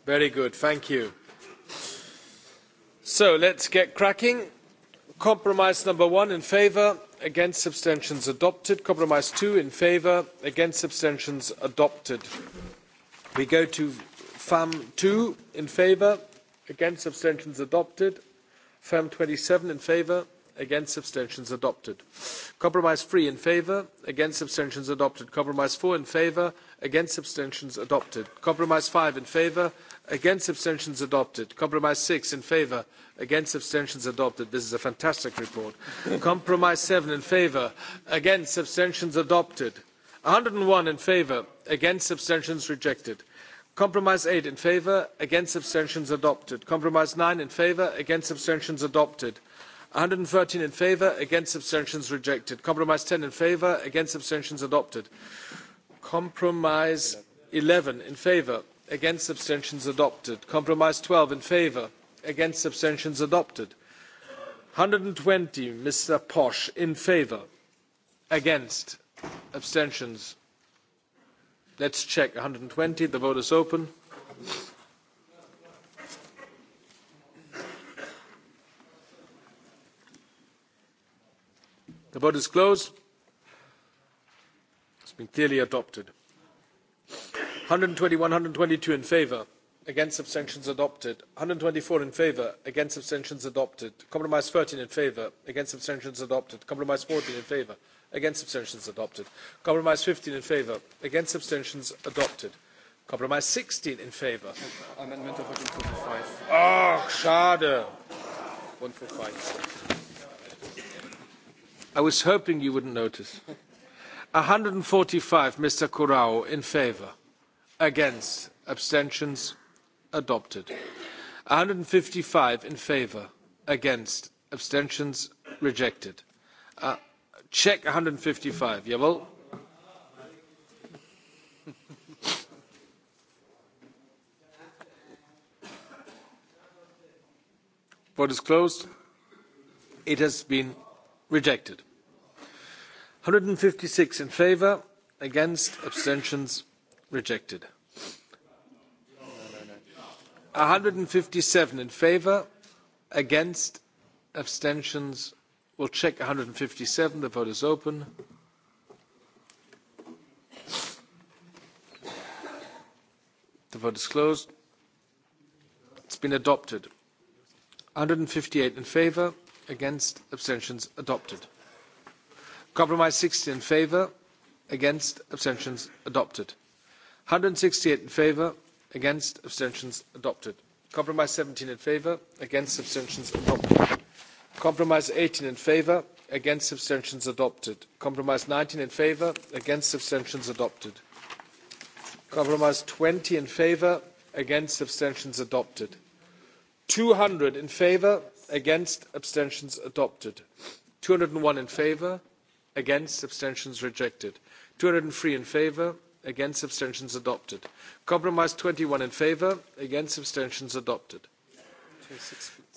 Very good, thank you. So let's get cracking. Compromise number one in favour, against abstentions adopted. Compromise two in favour, against abstentions adopted. We go to FAM 2 in favour, against abstentions adopted. FAM 27 in favour, against abstentions adopted. Compromise 3 in favour, against abstentions adopted. Compromise 4 in favour, against abstentions adopted. Compromise 5 in favour, against abstentions adopted compromise six in favour against abstentions adopted this is a fantastic report compromise seven in favour against abstentions adopted one hundred and one in favour against abstentions rejected compromise eight in favour against abstentions adopted compromise nine in favour against abstentions adopted one hundred and thirteen in favour against abstentions rejected compromise ten in favour against abstentions adopted compromise eleven in favour against abstentions adopted compromise 12 in favour against abstentions adopted 120 mr posh in favour against abstentions let's check 120 the vote is open the vote is closed it's been clearly adopted 120, 122 in favour. Against abstentions adopted. 124 in favour. Against abstentions adopted. Compromise 13 in favour. Against abstentions adopted. Compromise 14 in favour. Against abstentions adopted. Compromise 15 in favour. Against abstentions adopted. Compromise 16 in favour. Amendment 145. Oh, schade. 145. I was hoping you wouldn't notice. 145, Mr. Corrao, in favour against abstentions adopted 155 in favour, against abstentions rejected uh, check 155 jawohl vote is closed it has been rejected 156 in favour, against abstentions Rejected. 157 in favor, against, abstentions. We'll check 157. The vote is open. The vote is closed. It's been adopted. 158 in favor, against, abstentions adopted. Compromise 60 in favor, against, abstentions adopted. 168 in favour against abstentions adopted compromise 17 in favour against abstentions adopted compromise 18 in favour against abstentions adopted compromise 19 in favour against abstentions adopted compromise 20 in favour against abstentions adopted 200 in favour against abstentions adopted 201 in favour against abstentions rejected 203 in favour against abstentions adopted compromise 21 in favor against abstentions adopted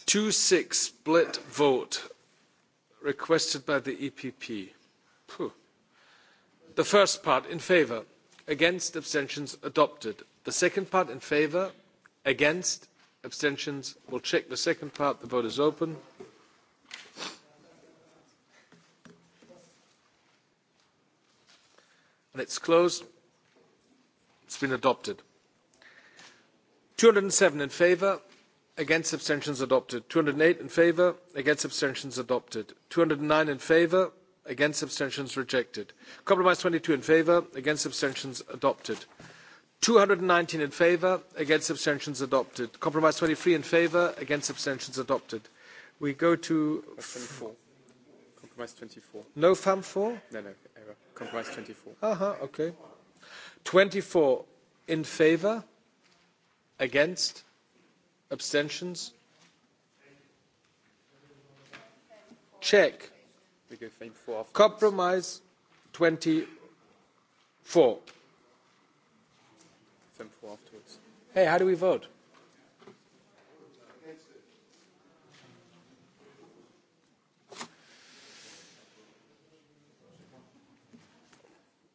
2 6 split vote requested by the EPP Phew. the first part in favor against abstentions adopted the second part in favor against abstentions we'll check the second part the vote is open and it's closed it's been adopted. 207 in favour, against abstentions adopted. 208 in favour, against abstentions adopted. 209 in favour, against abstentions rejected. Compromise 22 in favour, against abstentions adopted. 219 in favour, against abstentions adopted. Compromise 23 in favour, against abstentions adopted. We go to... 24. Compromise 24. No FAM 4? No, no, error. Compromise 24. Uh-huh, okay twenty four in favour against abstentions check compromise twenty four hey how do we vote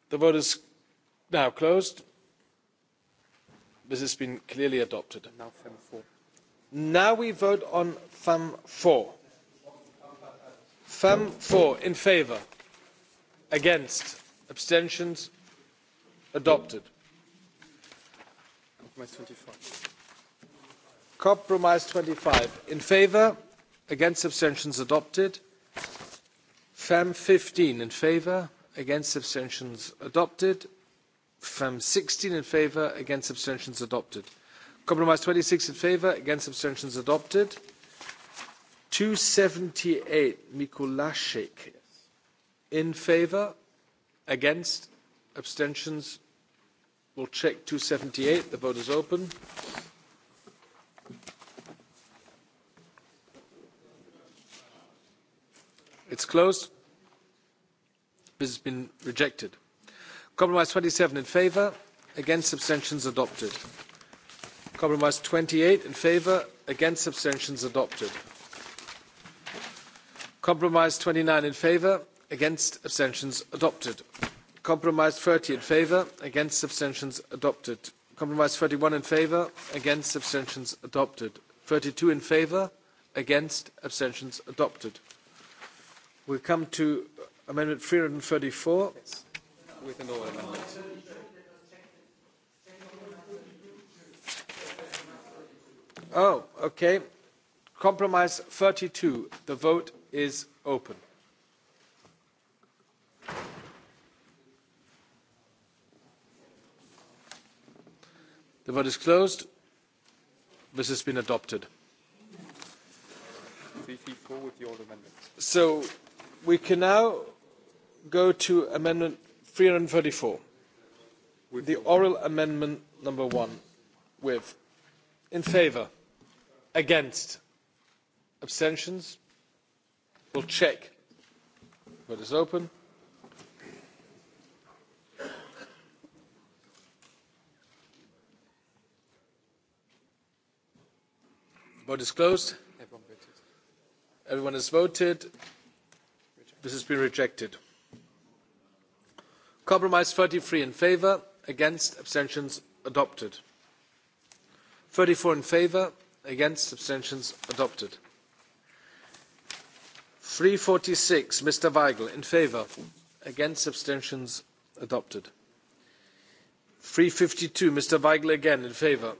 the vote is Now closed. This has been clearly adopted. Now FEM 4. Now we vote on FEM 4. FEM 4 in favour. Against. Abstentions. Adopted. Compromise 25. Compromise 25. In favour. Against abstentions adopted. FEM 15 in favour. Against abstentions adopted. Fem 16 in favour, against abstentions adopted. Compromise 26 in favour, against abstentions adopted. 278 Mikulášek in favour, against abstentions. We'll check 278. The vote is open. It's closed. This has been rejected compromise 27 in favour against abstentions adopted compromise 28 in favour against abstentions adopted compromise 29 in favour against abstentions adopted compromise 30 in favour against abstentions adopted compromise 31 in favour against abstentions adopted 32 in favour against abstentions adopted we come to amendment 334 yes with an oral amendment. Oh, okay. Compromise 32. The vote is open. The vote is closed. This has been adopted. with the amendment. So we can now go to amendment 334. hundred and thirty four with the oral amendment number one with in favour against abstentions we'll check vote is open vote is closed everyone has voted this has been rejected compromise 33 three in favour against abstentions adopted thirty four in favour against abstentions adopted three mr Weigel in favour against abstentions adopted 352, fifty mr Weigel again in favour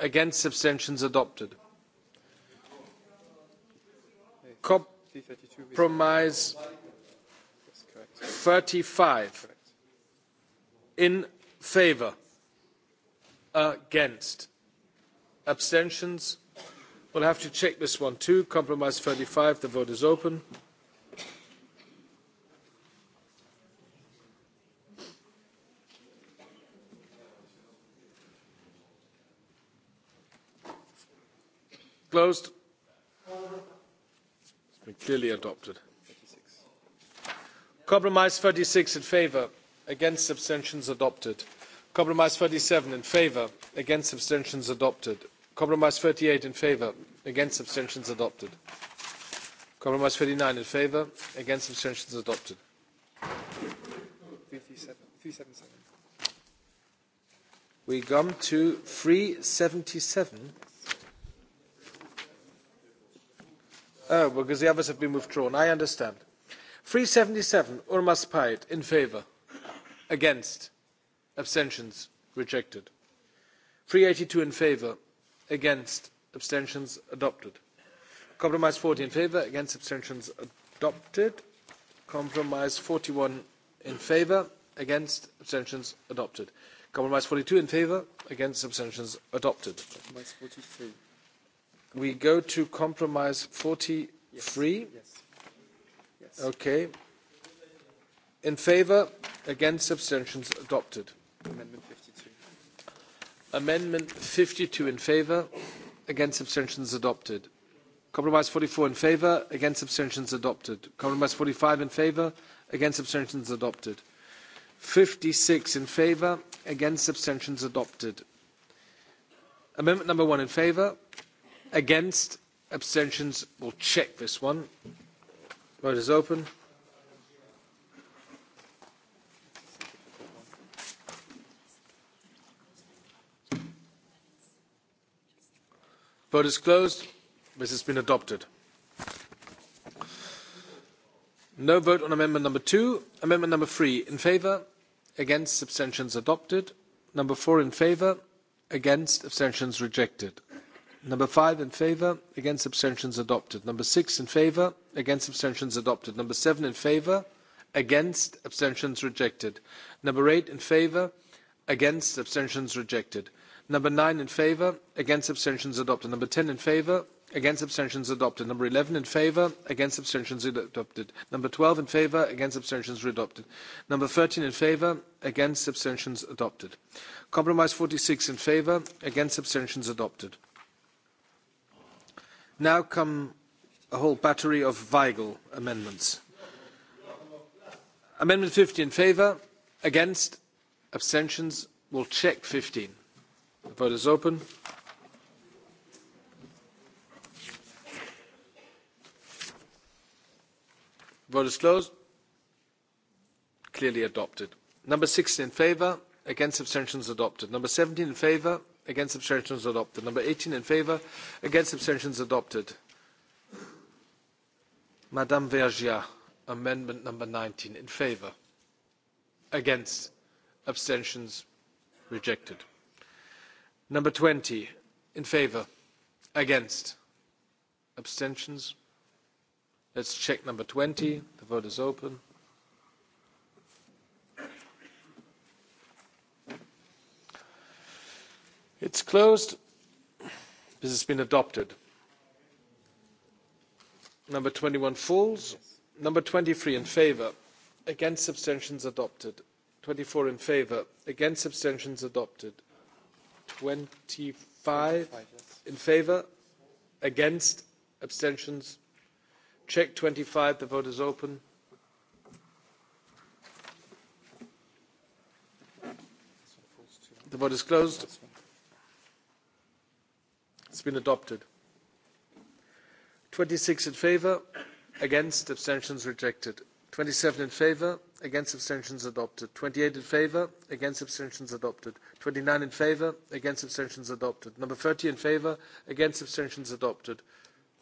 against abstentions adopted compromise thirty five in favour against abstentions we'll have to check this one too compromise thirty five the vote is open closed it's been clearly adopted compromise thirty six in favour against abstentions adopted compromise 37 in favour against abstentions adopted compromise 38 in favour against abstentions adopted compromise 39 in favour against abstentions adopted we come to 377 oh because the others have been withdrawn i understand 377 urmas Payet in favour against abstentions rejected 382 in favour against abstentions adopted compromise 40 in favour against abstentions adopted compromise 41 in favour against abstentions adopted compromise 42 in favour against abstentions adopted compromise 43 we go to compromise 43 yes. Yes. Yes. okay in favour against abstentions adopted amendment 52 amendment 52 in favour against abstentions adopted compromise 44 in favour against abstentions adopted compromise 45 in favour against abstentions adopted 56 in favour against abstentions adopted amendment number 1 in favour against abstentions we'll check this one vote is open vote is closed. this has been adopted. no vote on amendment number two. amendment number three in favour against abstentions adopted. number four in favour against abstentions rejected. number five in favour against abstentions adopted. number six in favour against abstentions adopted. number seven in favour against abstentions rejected. number eight in favour against abstentions rejected Number nine in favour, against abstentions adopted. Number 10 in favour, against abstentions adopted. Number 11 in favour, against abstentions adopted. Number 12 in favour, against abstentions adopted. Number 13 in favour, against abstentions adopted. Compromise 46 in favour, against abstentions adopted. Now come a whole battery of Weigel amendments. Amendment 50 in favour, against, abstentions, we'll check 15. The vote is open. Vote is closed. Clearly adopted. Number 16 in favour, against abstentions adopted. Number 17 in favour, against abstentions adopted. Number 18 in favour, against abstentions adopted. Madame Vergia, amendment number 19 in favour, against abstentions rejected. Number 20, in favour, against, abstentions. Let's check number 20. The vote is open. It's closed. This has been adopted. Number 21 falls. Number 23 in favour, against abstentions adopted. 24 in favour, against abstentions adopted. 25 in favor, against, abstentions. Check 25. The vote is open. The vote is closed. It's been adopted. 26 in favor, against, abstentions rejected. 27 in favor, against abstentions adopted 28 in favor against abstentions adopted 29 in favor against abstentions adopted number 30 in favor against abstentions adopted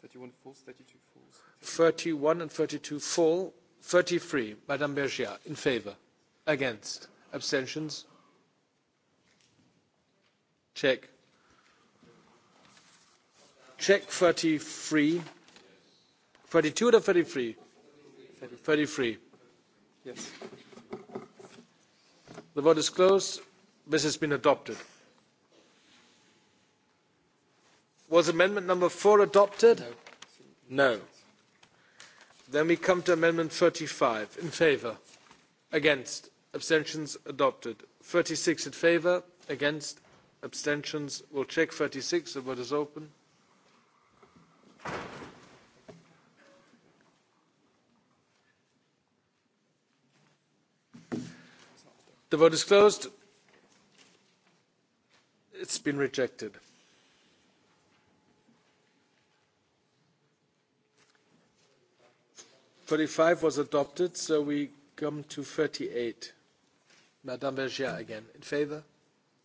31 falls 32 falls 31 and 32 fall 33 madame bergia in favor against abstentions check check 33 32 or 33 33 Yes. The vote is closed. This has been adopted. Was amendment number four adopted? No. no. Then we come to amendment 35. In favour? Against? Abstentions adopted. 36 in favour? Against? Abstentions? We'll check 36. The vote is open. The vote is closed. It's been rejected. Thirty-five was adopted, so we come to thirty-eight. Madame Vergiat again. In favour?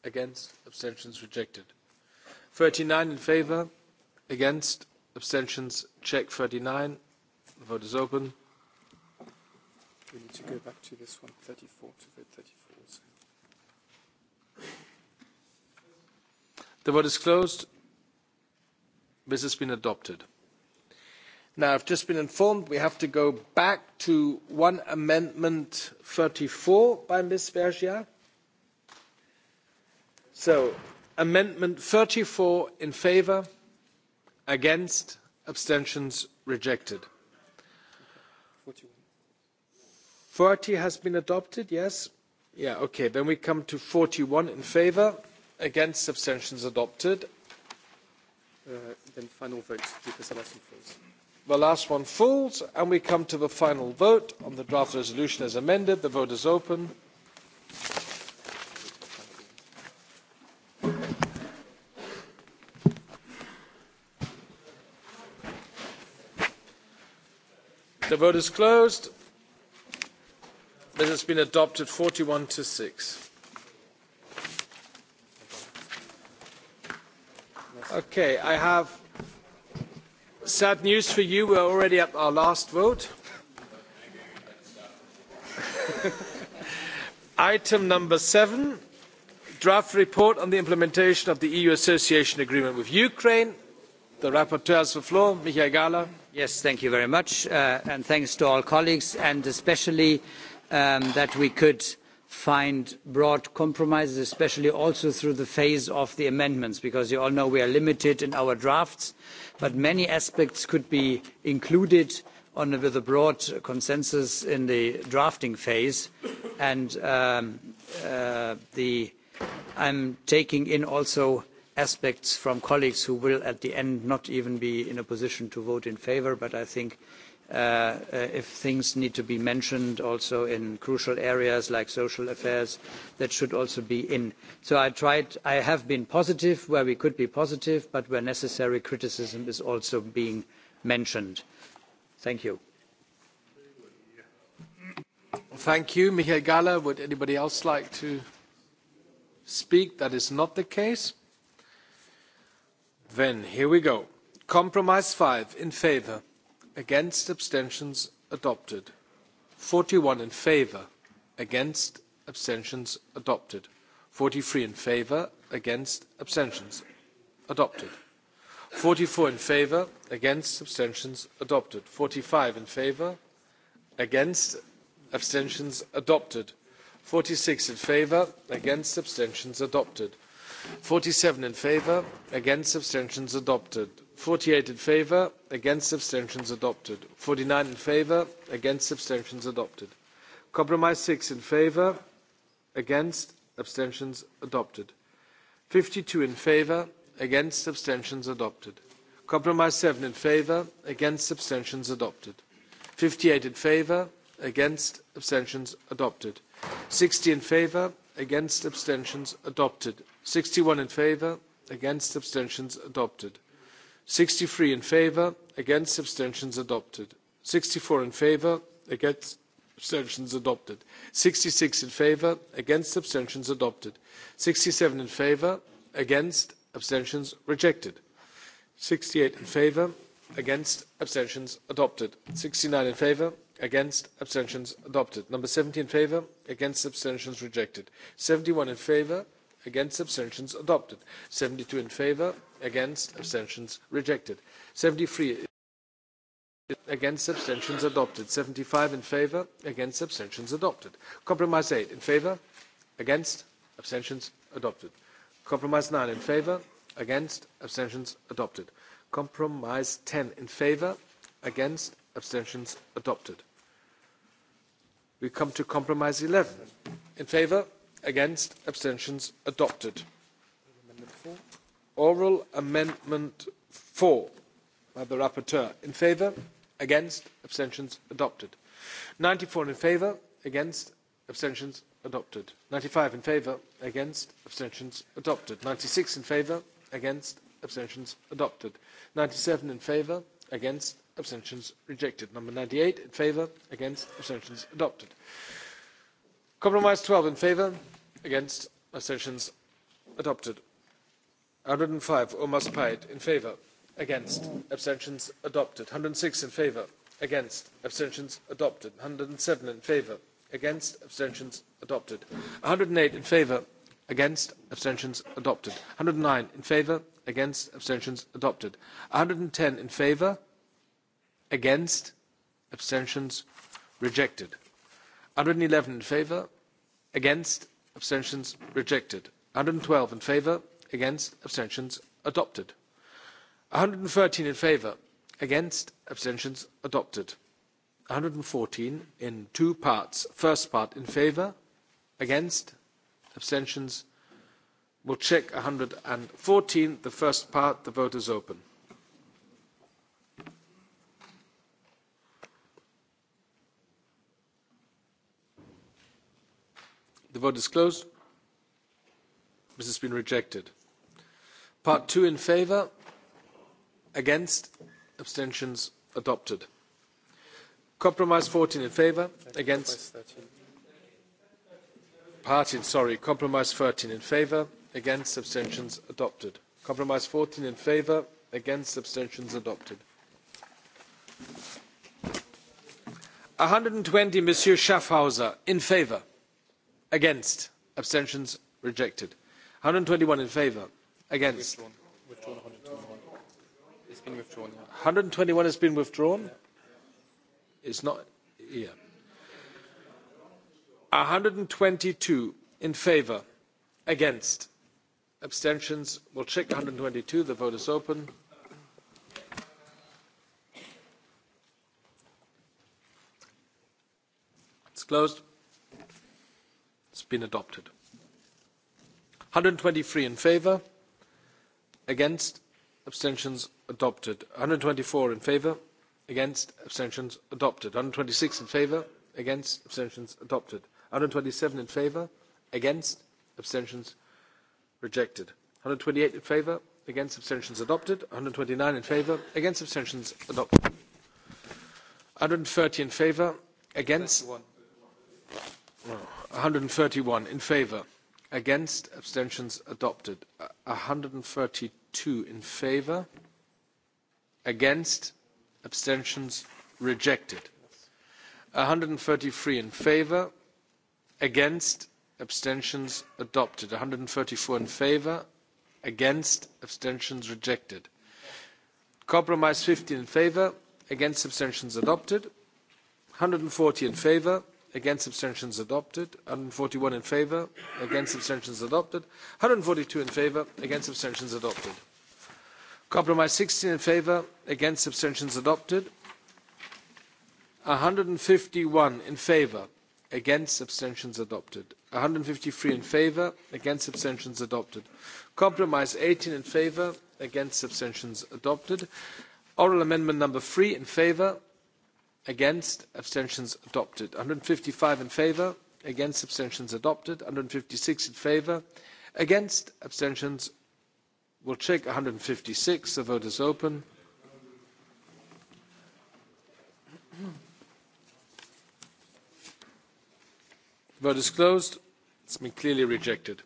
Against? Abstentions rejected. Thirty-nine in favour? Against? Abstentions? Check thirty-nine. The vote is open. We need to go back to this one, thirty-four to vote 34. The vote is closed. This has been adopted. Now, I've just been informed we have to go back to one amendment 34 by Ms. Vergia. So, amendment 34 in favour, against, abstentions rejected. 40 has been adopted, yes? Yeah, okay. Then we come to 41 in favour against abstentions adopted uh, then final vote because the last one falls the last one falls and we come to the final vote on the draft resolution as amended the vote is open the vote is closed this has been adopted 41 to 6 Okay, I have sad news for you. We're already at our last vote. Item number seven, draft report on the implementation of the EU Association Agreement with Ukraine. The rapporteur has the floor, Michael Gala. Yes, thank you very much, uh, and thanks to all colleagues, and especially um, that we could find broad compromises, especially also through the phase of the amendments, because you all know we are limited in our drafts, but many aspects could be included on a, with a broad consensus in the drafting phase. And um, uh, the, I'm taking in also aspects from colleagues who will at the end not even be in a position to vote in favour. but I think Uh, if things need to be mentioned also in crucial areas like social affairs, that should also be in. So I tried, I have been positive where we could be positive, but where necessary, criticism is also being mentioned. Thank you. Thank you. Michael Gahler, would anybody else like to speak? That is not the case. Then here we go. Compromise five in favour against abstentions adopted forty one in favour against abstentions adopted forty three in favour against abstentions adopted forty four in favour against abstentions adopted forty five in favour against abstentions adopted forty six in favour against abstentions adopted forty seven in favour against abstentions adopted 48 in favour, against abstentions adopted. 49 in favour, against abstentions adopted. Compromise 6 in favour, against abstentions adopted. 52 in favour, against abstentions adopted. Compromise 7 in favour, against abstentions adopted. 58 in favour, against abstentions adopted. 60 in favour, against abstentions adopted. 61 in favour, against abstentions adopted sixty three in favour against abstentions adopted sixty four in favour against abstentions adopted sixty six in favour against abstentions adopted sixty seven in favour against abstentions rejected sixty eight in favour against abstentions adopted sixty nine in favour against abstentions adopted number seventy in favour against abstentions rejected seventy one in favour against abstentions adopted 72 in favour against abstentions rejected 73 against abstentions adopted 75 in favour against abstentions adopted compromise 8 in favour against abstentions adopted compromise 9 in favour against abstentions adopted compromise 10 in favour against abstentions adopted we come to compromise 11 in favour against abstentions adopted oral amendment four by the rapporteur in favour against abstentions adopted ninety four in favour against abstentions adopted ninety five in favour against abstentions adopted ninety six in favour against abstentions adopted ninety seven in favour against abstentions rejected number ninety eight in favour against abstentions adopted compromise twelve in favour against abstentions adopted one hundred and five omar paid in favour against abstentions adopted one hundred and six in favour against abstentions adopted one hundred and seven in favour against abstentions adopted one hundred and eight in favour against abstentions adopted one hundred and nine in favour against abstentions adopted one hundred and ten in favour against abstentions rejected one hundred and eleven in favour against abstentions rejected 112 in favour against abstentions adopted 113 in favour against abstentions adopted 114 in two parts first part in favour against abstentions we'll check 114 the first part the vote is open The vote is closed. This has been rejected. Part 2 in favour. Against. Abstentions adopted. Compromise 14 in favour. Against. Party, sorry. Compromise 13 in favour. Against. Abstentions adopted. Compromise 14 in favour. Against. Abstentions adopted. 120, Monsieur Schaffhauser, in favour against abstentions rejected 121 in twenty against in favour 121. one hundred and twenty one has been withdrawn it's not twenty 122 in favour, against abstentions we'll check 122 the vote is open it's closed been adopted. 123 in favour, against, abstentions adopted. 124 in favour, against, abstentions adopted. 126 in favour, against, abstentions adopted. 127 in favour, against, abstentions rejected. 128 in favour, against, abstentions adopted. 129 in favour, against, abstentions adopted. 130 in favour, against. 131 in favour against abstentions adopted 132 in favour against abstentions rejected 133 in favour against abstentions adopted 134 in favour against abstentions rejected compromise 15 in favour against abstentions adopted 140 in favour against abstentions adopted 141 in favour against abstentions adopted 142 in favour against abstentions adopted compromise 16 in favour against abstentions adopted 151 in favour against abstentions adopted 153 in favour against abstentions adopted compromise 18 in favour against abstentions adopted oral amendment number 3 in favour against abstentions adopted 155 in favour against abstentions adopted 156 in favour against abstentions we'll check 156 the vote is open vote is closed it's been clearly rejected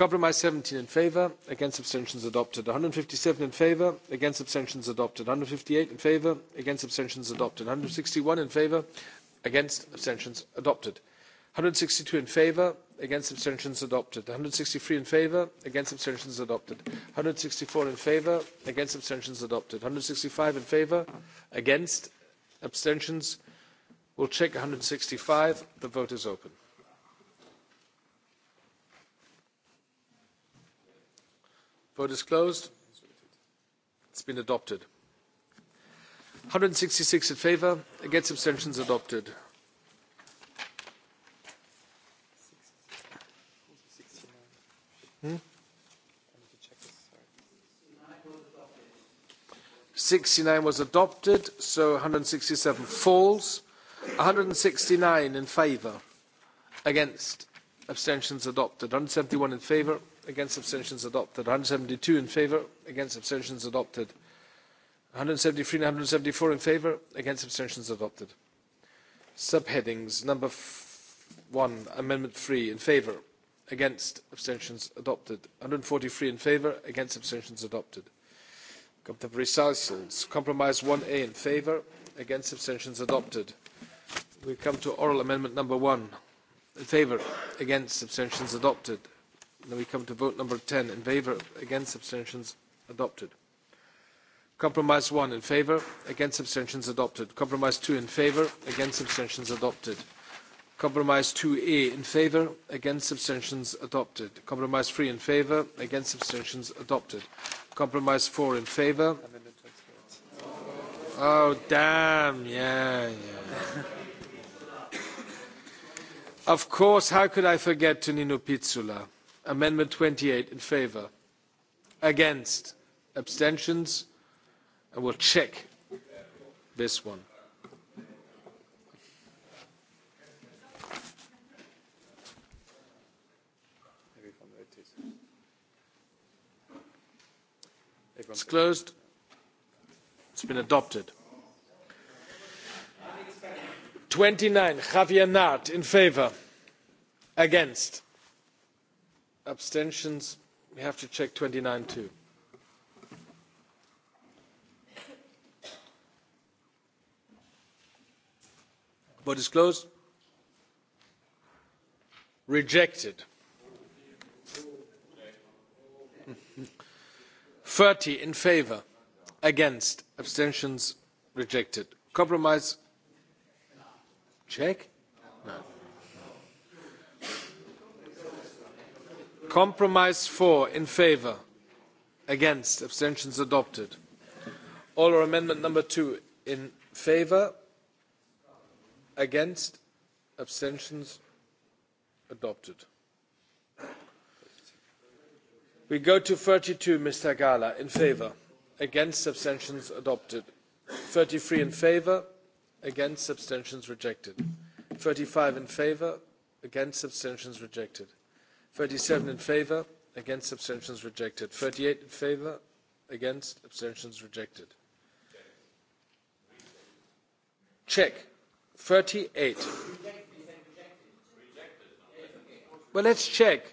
Compromise 17 in favour, against abstentions adopted. 157 in favour, against abstentions adopted. 158 in favour, against abstentions adopted. 161 in favour, against abstentions adopted. 162 in favour, against abstentions adopted. 163 in favour, against abstentions adopted. 164 in favour, against abstentions adopted. 165 in favour, against abstentions. We'll check 165. The vote is open. Vote is closed. It's been adopted. 166 in favour. Against abstentions adopted. 69 hmm? was adopted, so 167 falls. 169 in favour. Against. Abstentions adopted. 171 in favour against abstentions adopted 172 in favour against abstentions adopted 173 and 174 in favour against abstentions adopted subheadings number one amendment three in favour against abstentions adopted 143 in favour against abstentions adopted contemporary recitals compromise 1a in favour against abstentions adopted we come to oral amendment number one in favour against abstentions adopted Then we come to vote number 10. In favour, against abstentions, adopted. Compromise 1 in favour, against abstentions, adopted. Compromise 2 in favour, against abstentions, adopted. Compromise 2A in favour, against abstentions, adopted. Compromise 3 in favour, against abstentions, adopted. Compromise 4 in favour. Oh, damn, yeah, yeah. of course, how could I forget Tonino Pizzula? amendment twenty eight in favour against abstentions and will check this one it's closed it's been adopted 29 Javier Nart in favour against abstentions we have to check 29 too vote is closed rejected 30 in favour against abstentions rejected compromise check no compromise four in favour against abstentions adopted All or amendment number two in favour against abstentions adopted we go to thirty two mr gahler in favour against abstentions adopted thirty three in favour against abstentions rejected thirty five in favour against abstentions rejected 37 in favour, against abstentions rejected. 38 in favour, against abstentions rejected. Check. 38. Well, let's check.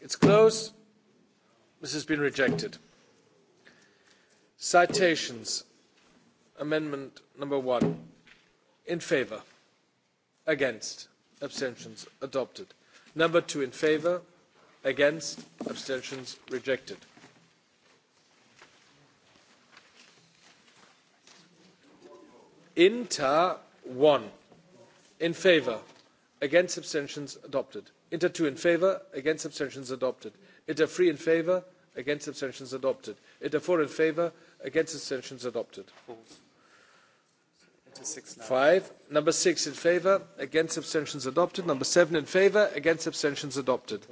It's closed. This has been rejected. Citations amendment number one in favour against abstentions adopted number two in favour against abstentions rejected inter one in favour against abstentions adopted inter two in favour against abstentions adopted inter three in favour against abstentions adopted inter four in favour against abstentions adopted False Five. Number six in favour. Against abstentions adopted. Number seven in favour. Against abstentions adopted.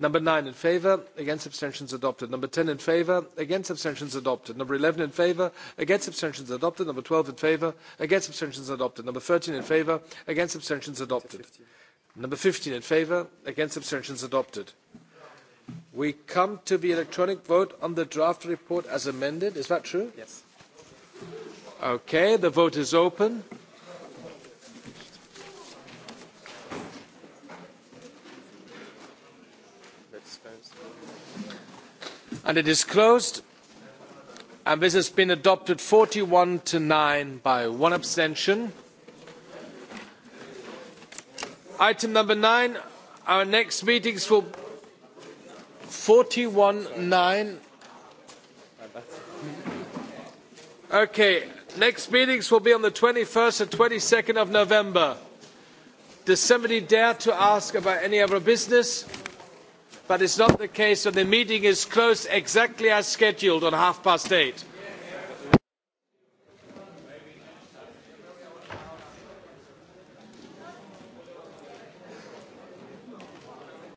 Number nine in favour. Against abstentions adopted. Number ten in favour. Against abstentions adopted. Number eleven in favour. Against abstentions adopted. Number twelve in favour. Against abstentions adopted. Number thirteen in favour. Against abstentions adopted. Number fifteen in favour. Against abstentions adopted. We come to the electronic vote on the draft report as amended. Is that true? Yes. Okay, the vote is open. And it is closed. And this has been adopted 41 to 9 by one abstention. Item number 9, our next meetings will 41 9. Okay. Next meetings will be on the 21st and 22nd of November. Does somebody dare to ask about any other business? But it's not the case, so the meeting is closed exactly as scheduled on half past eight.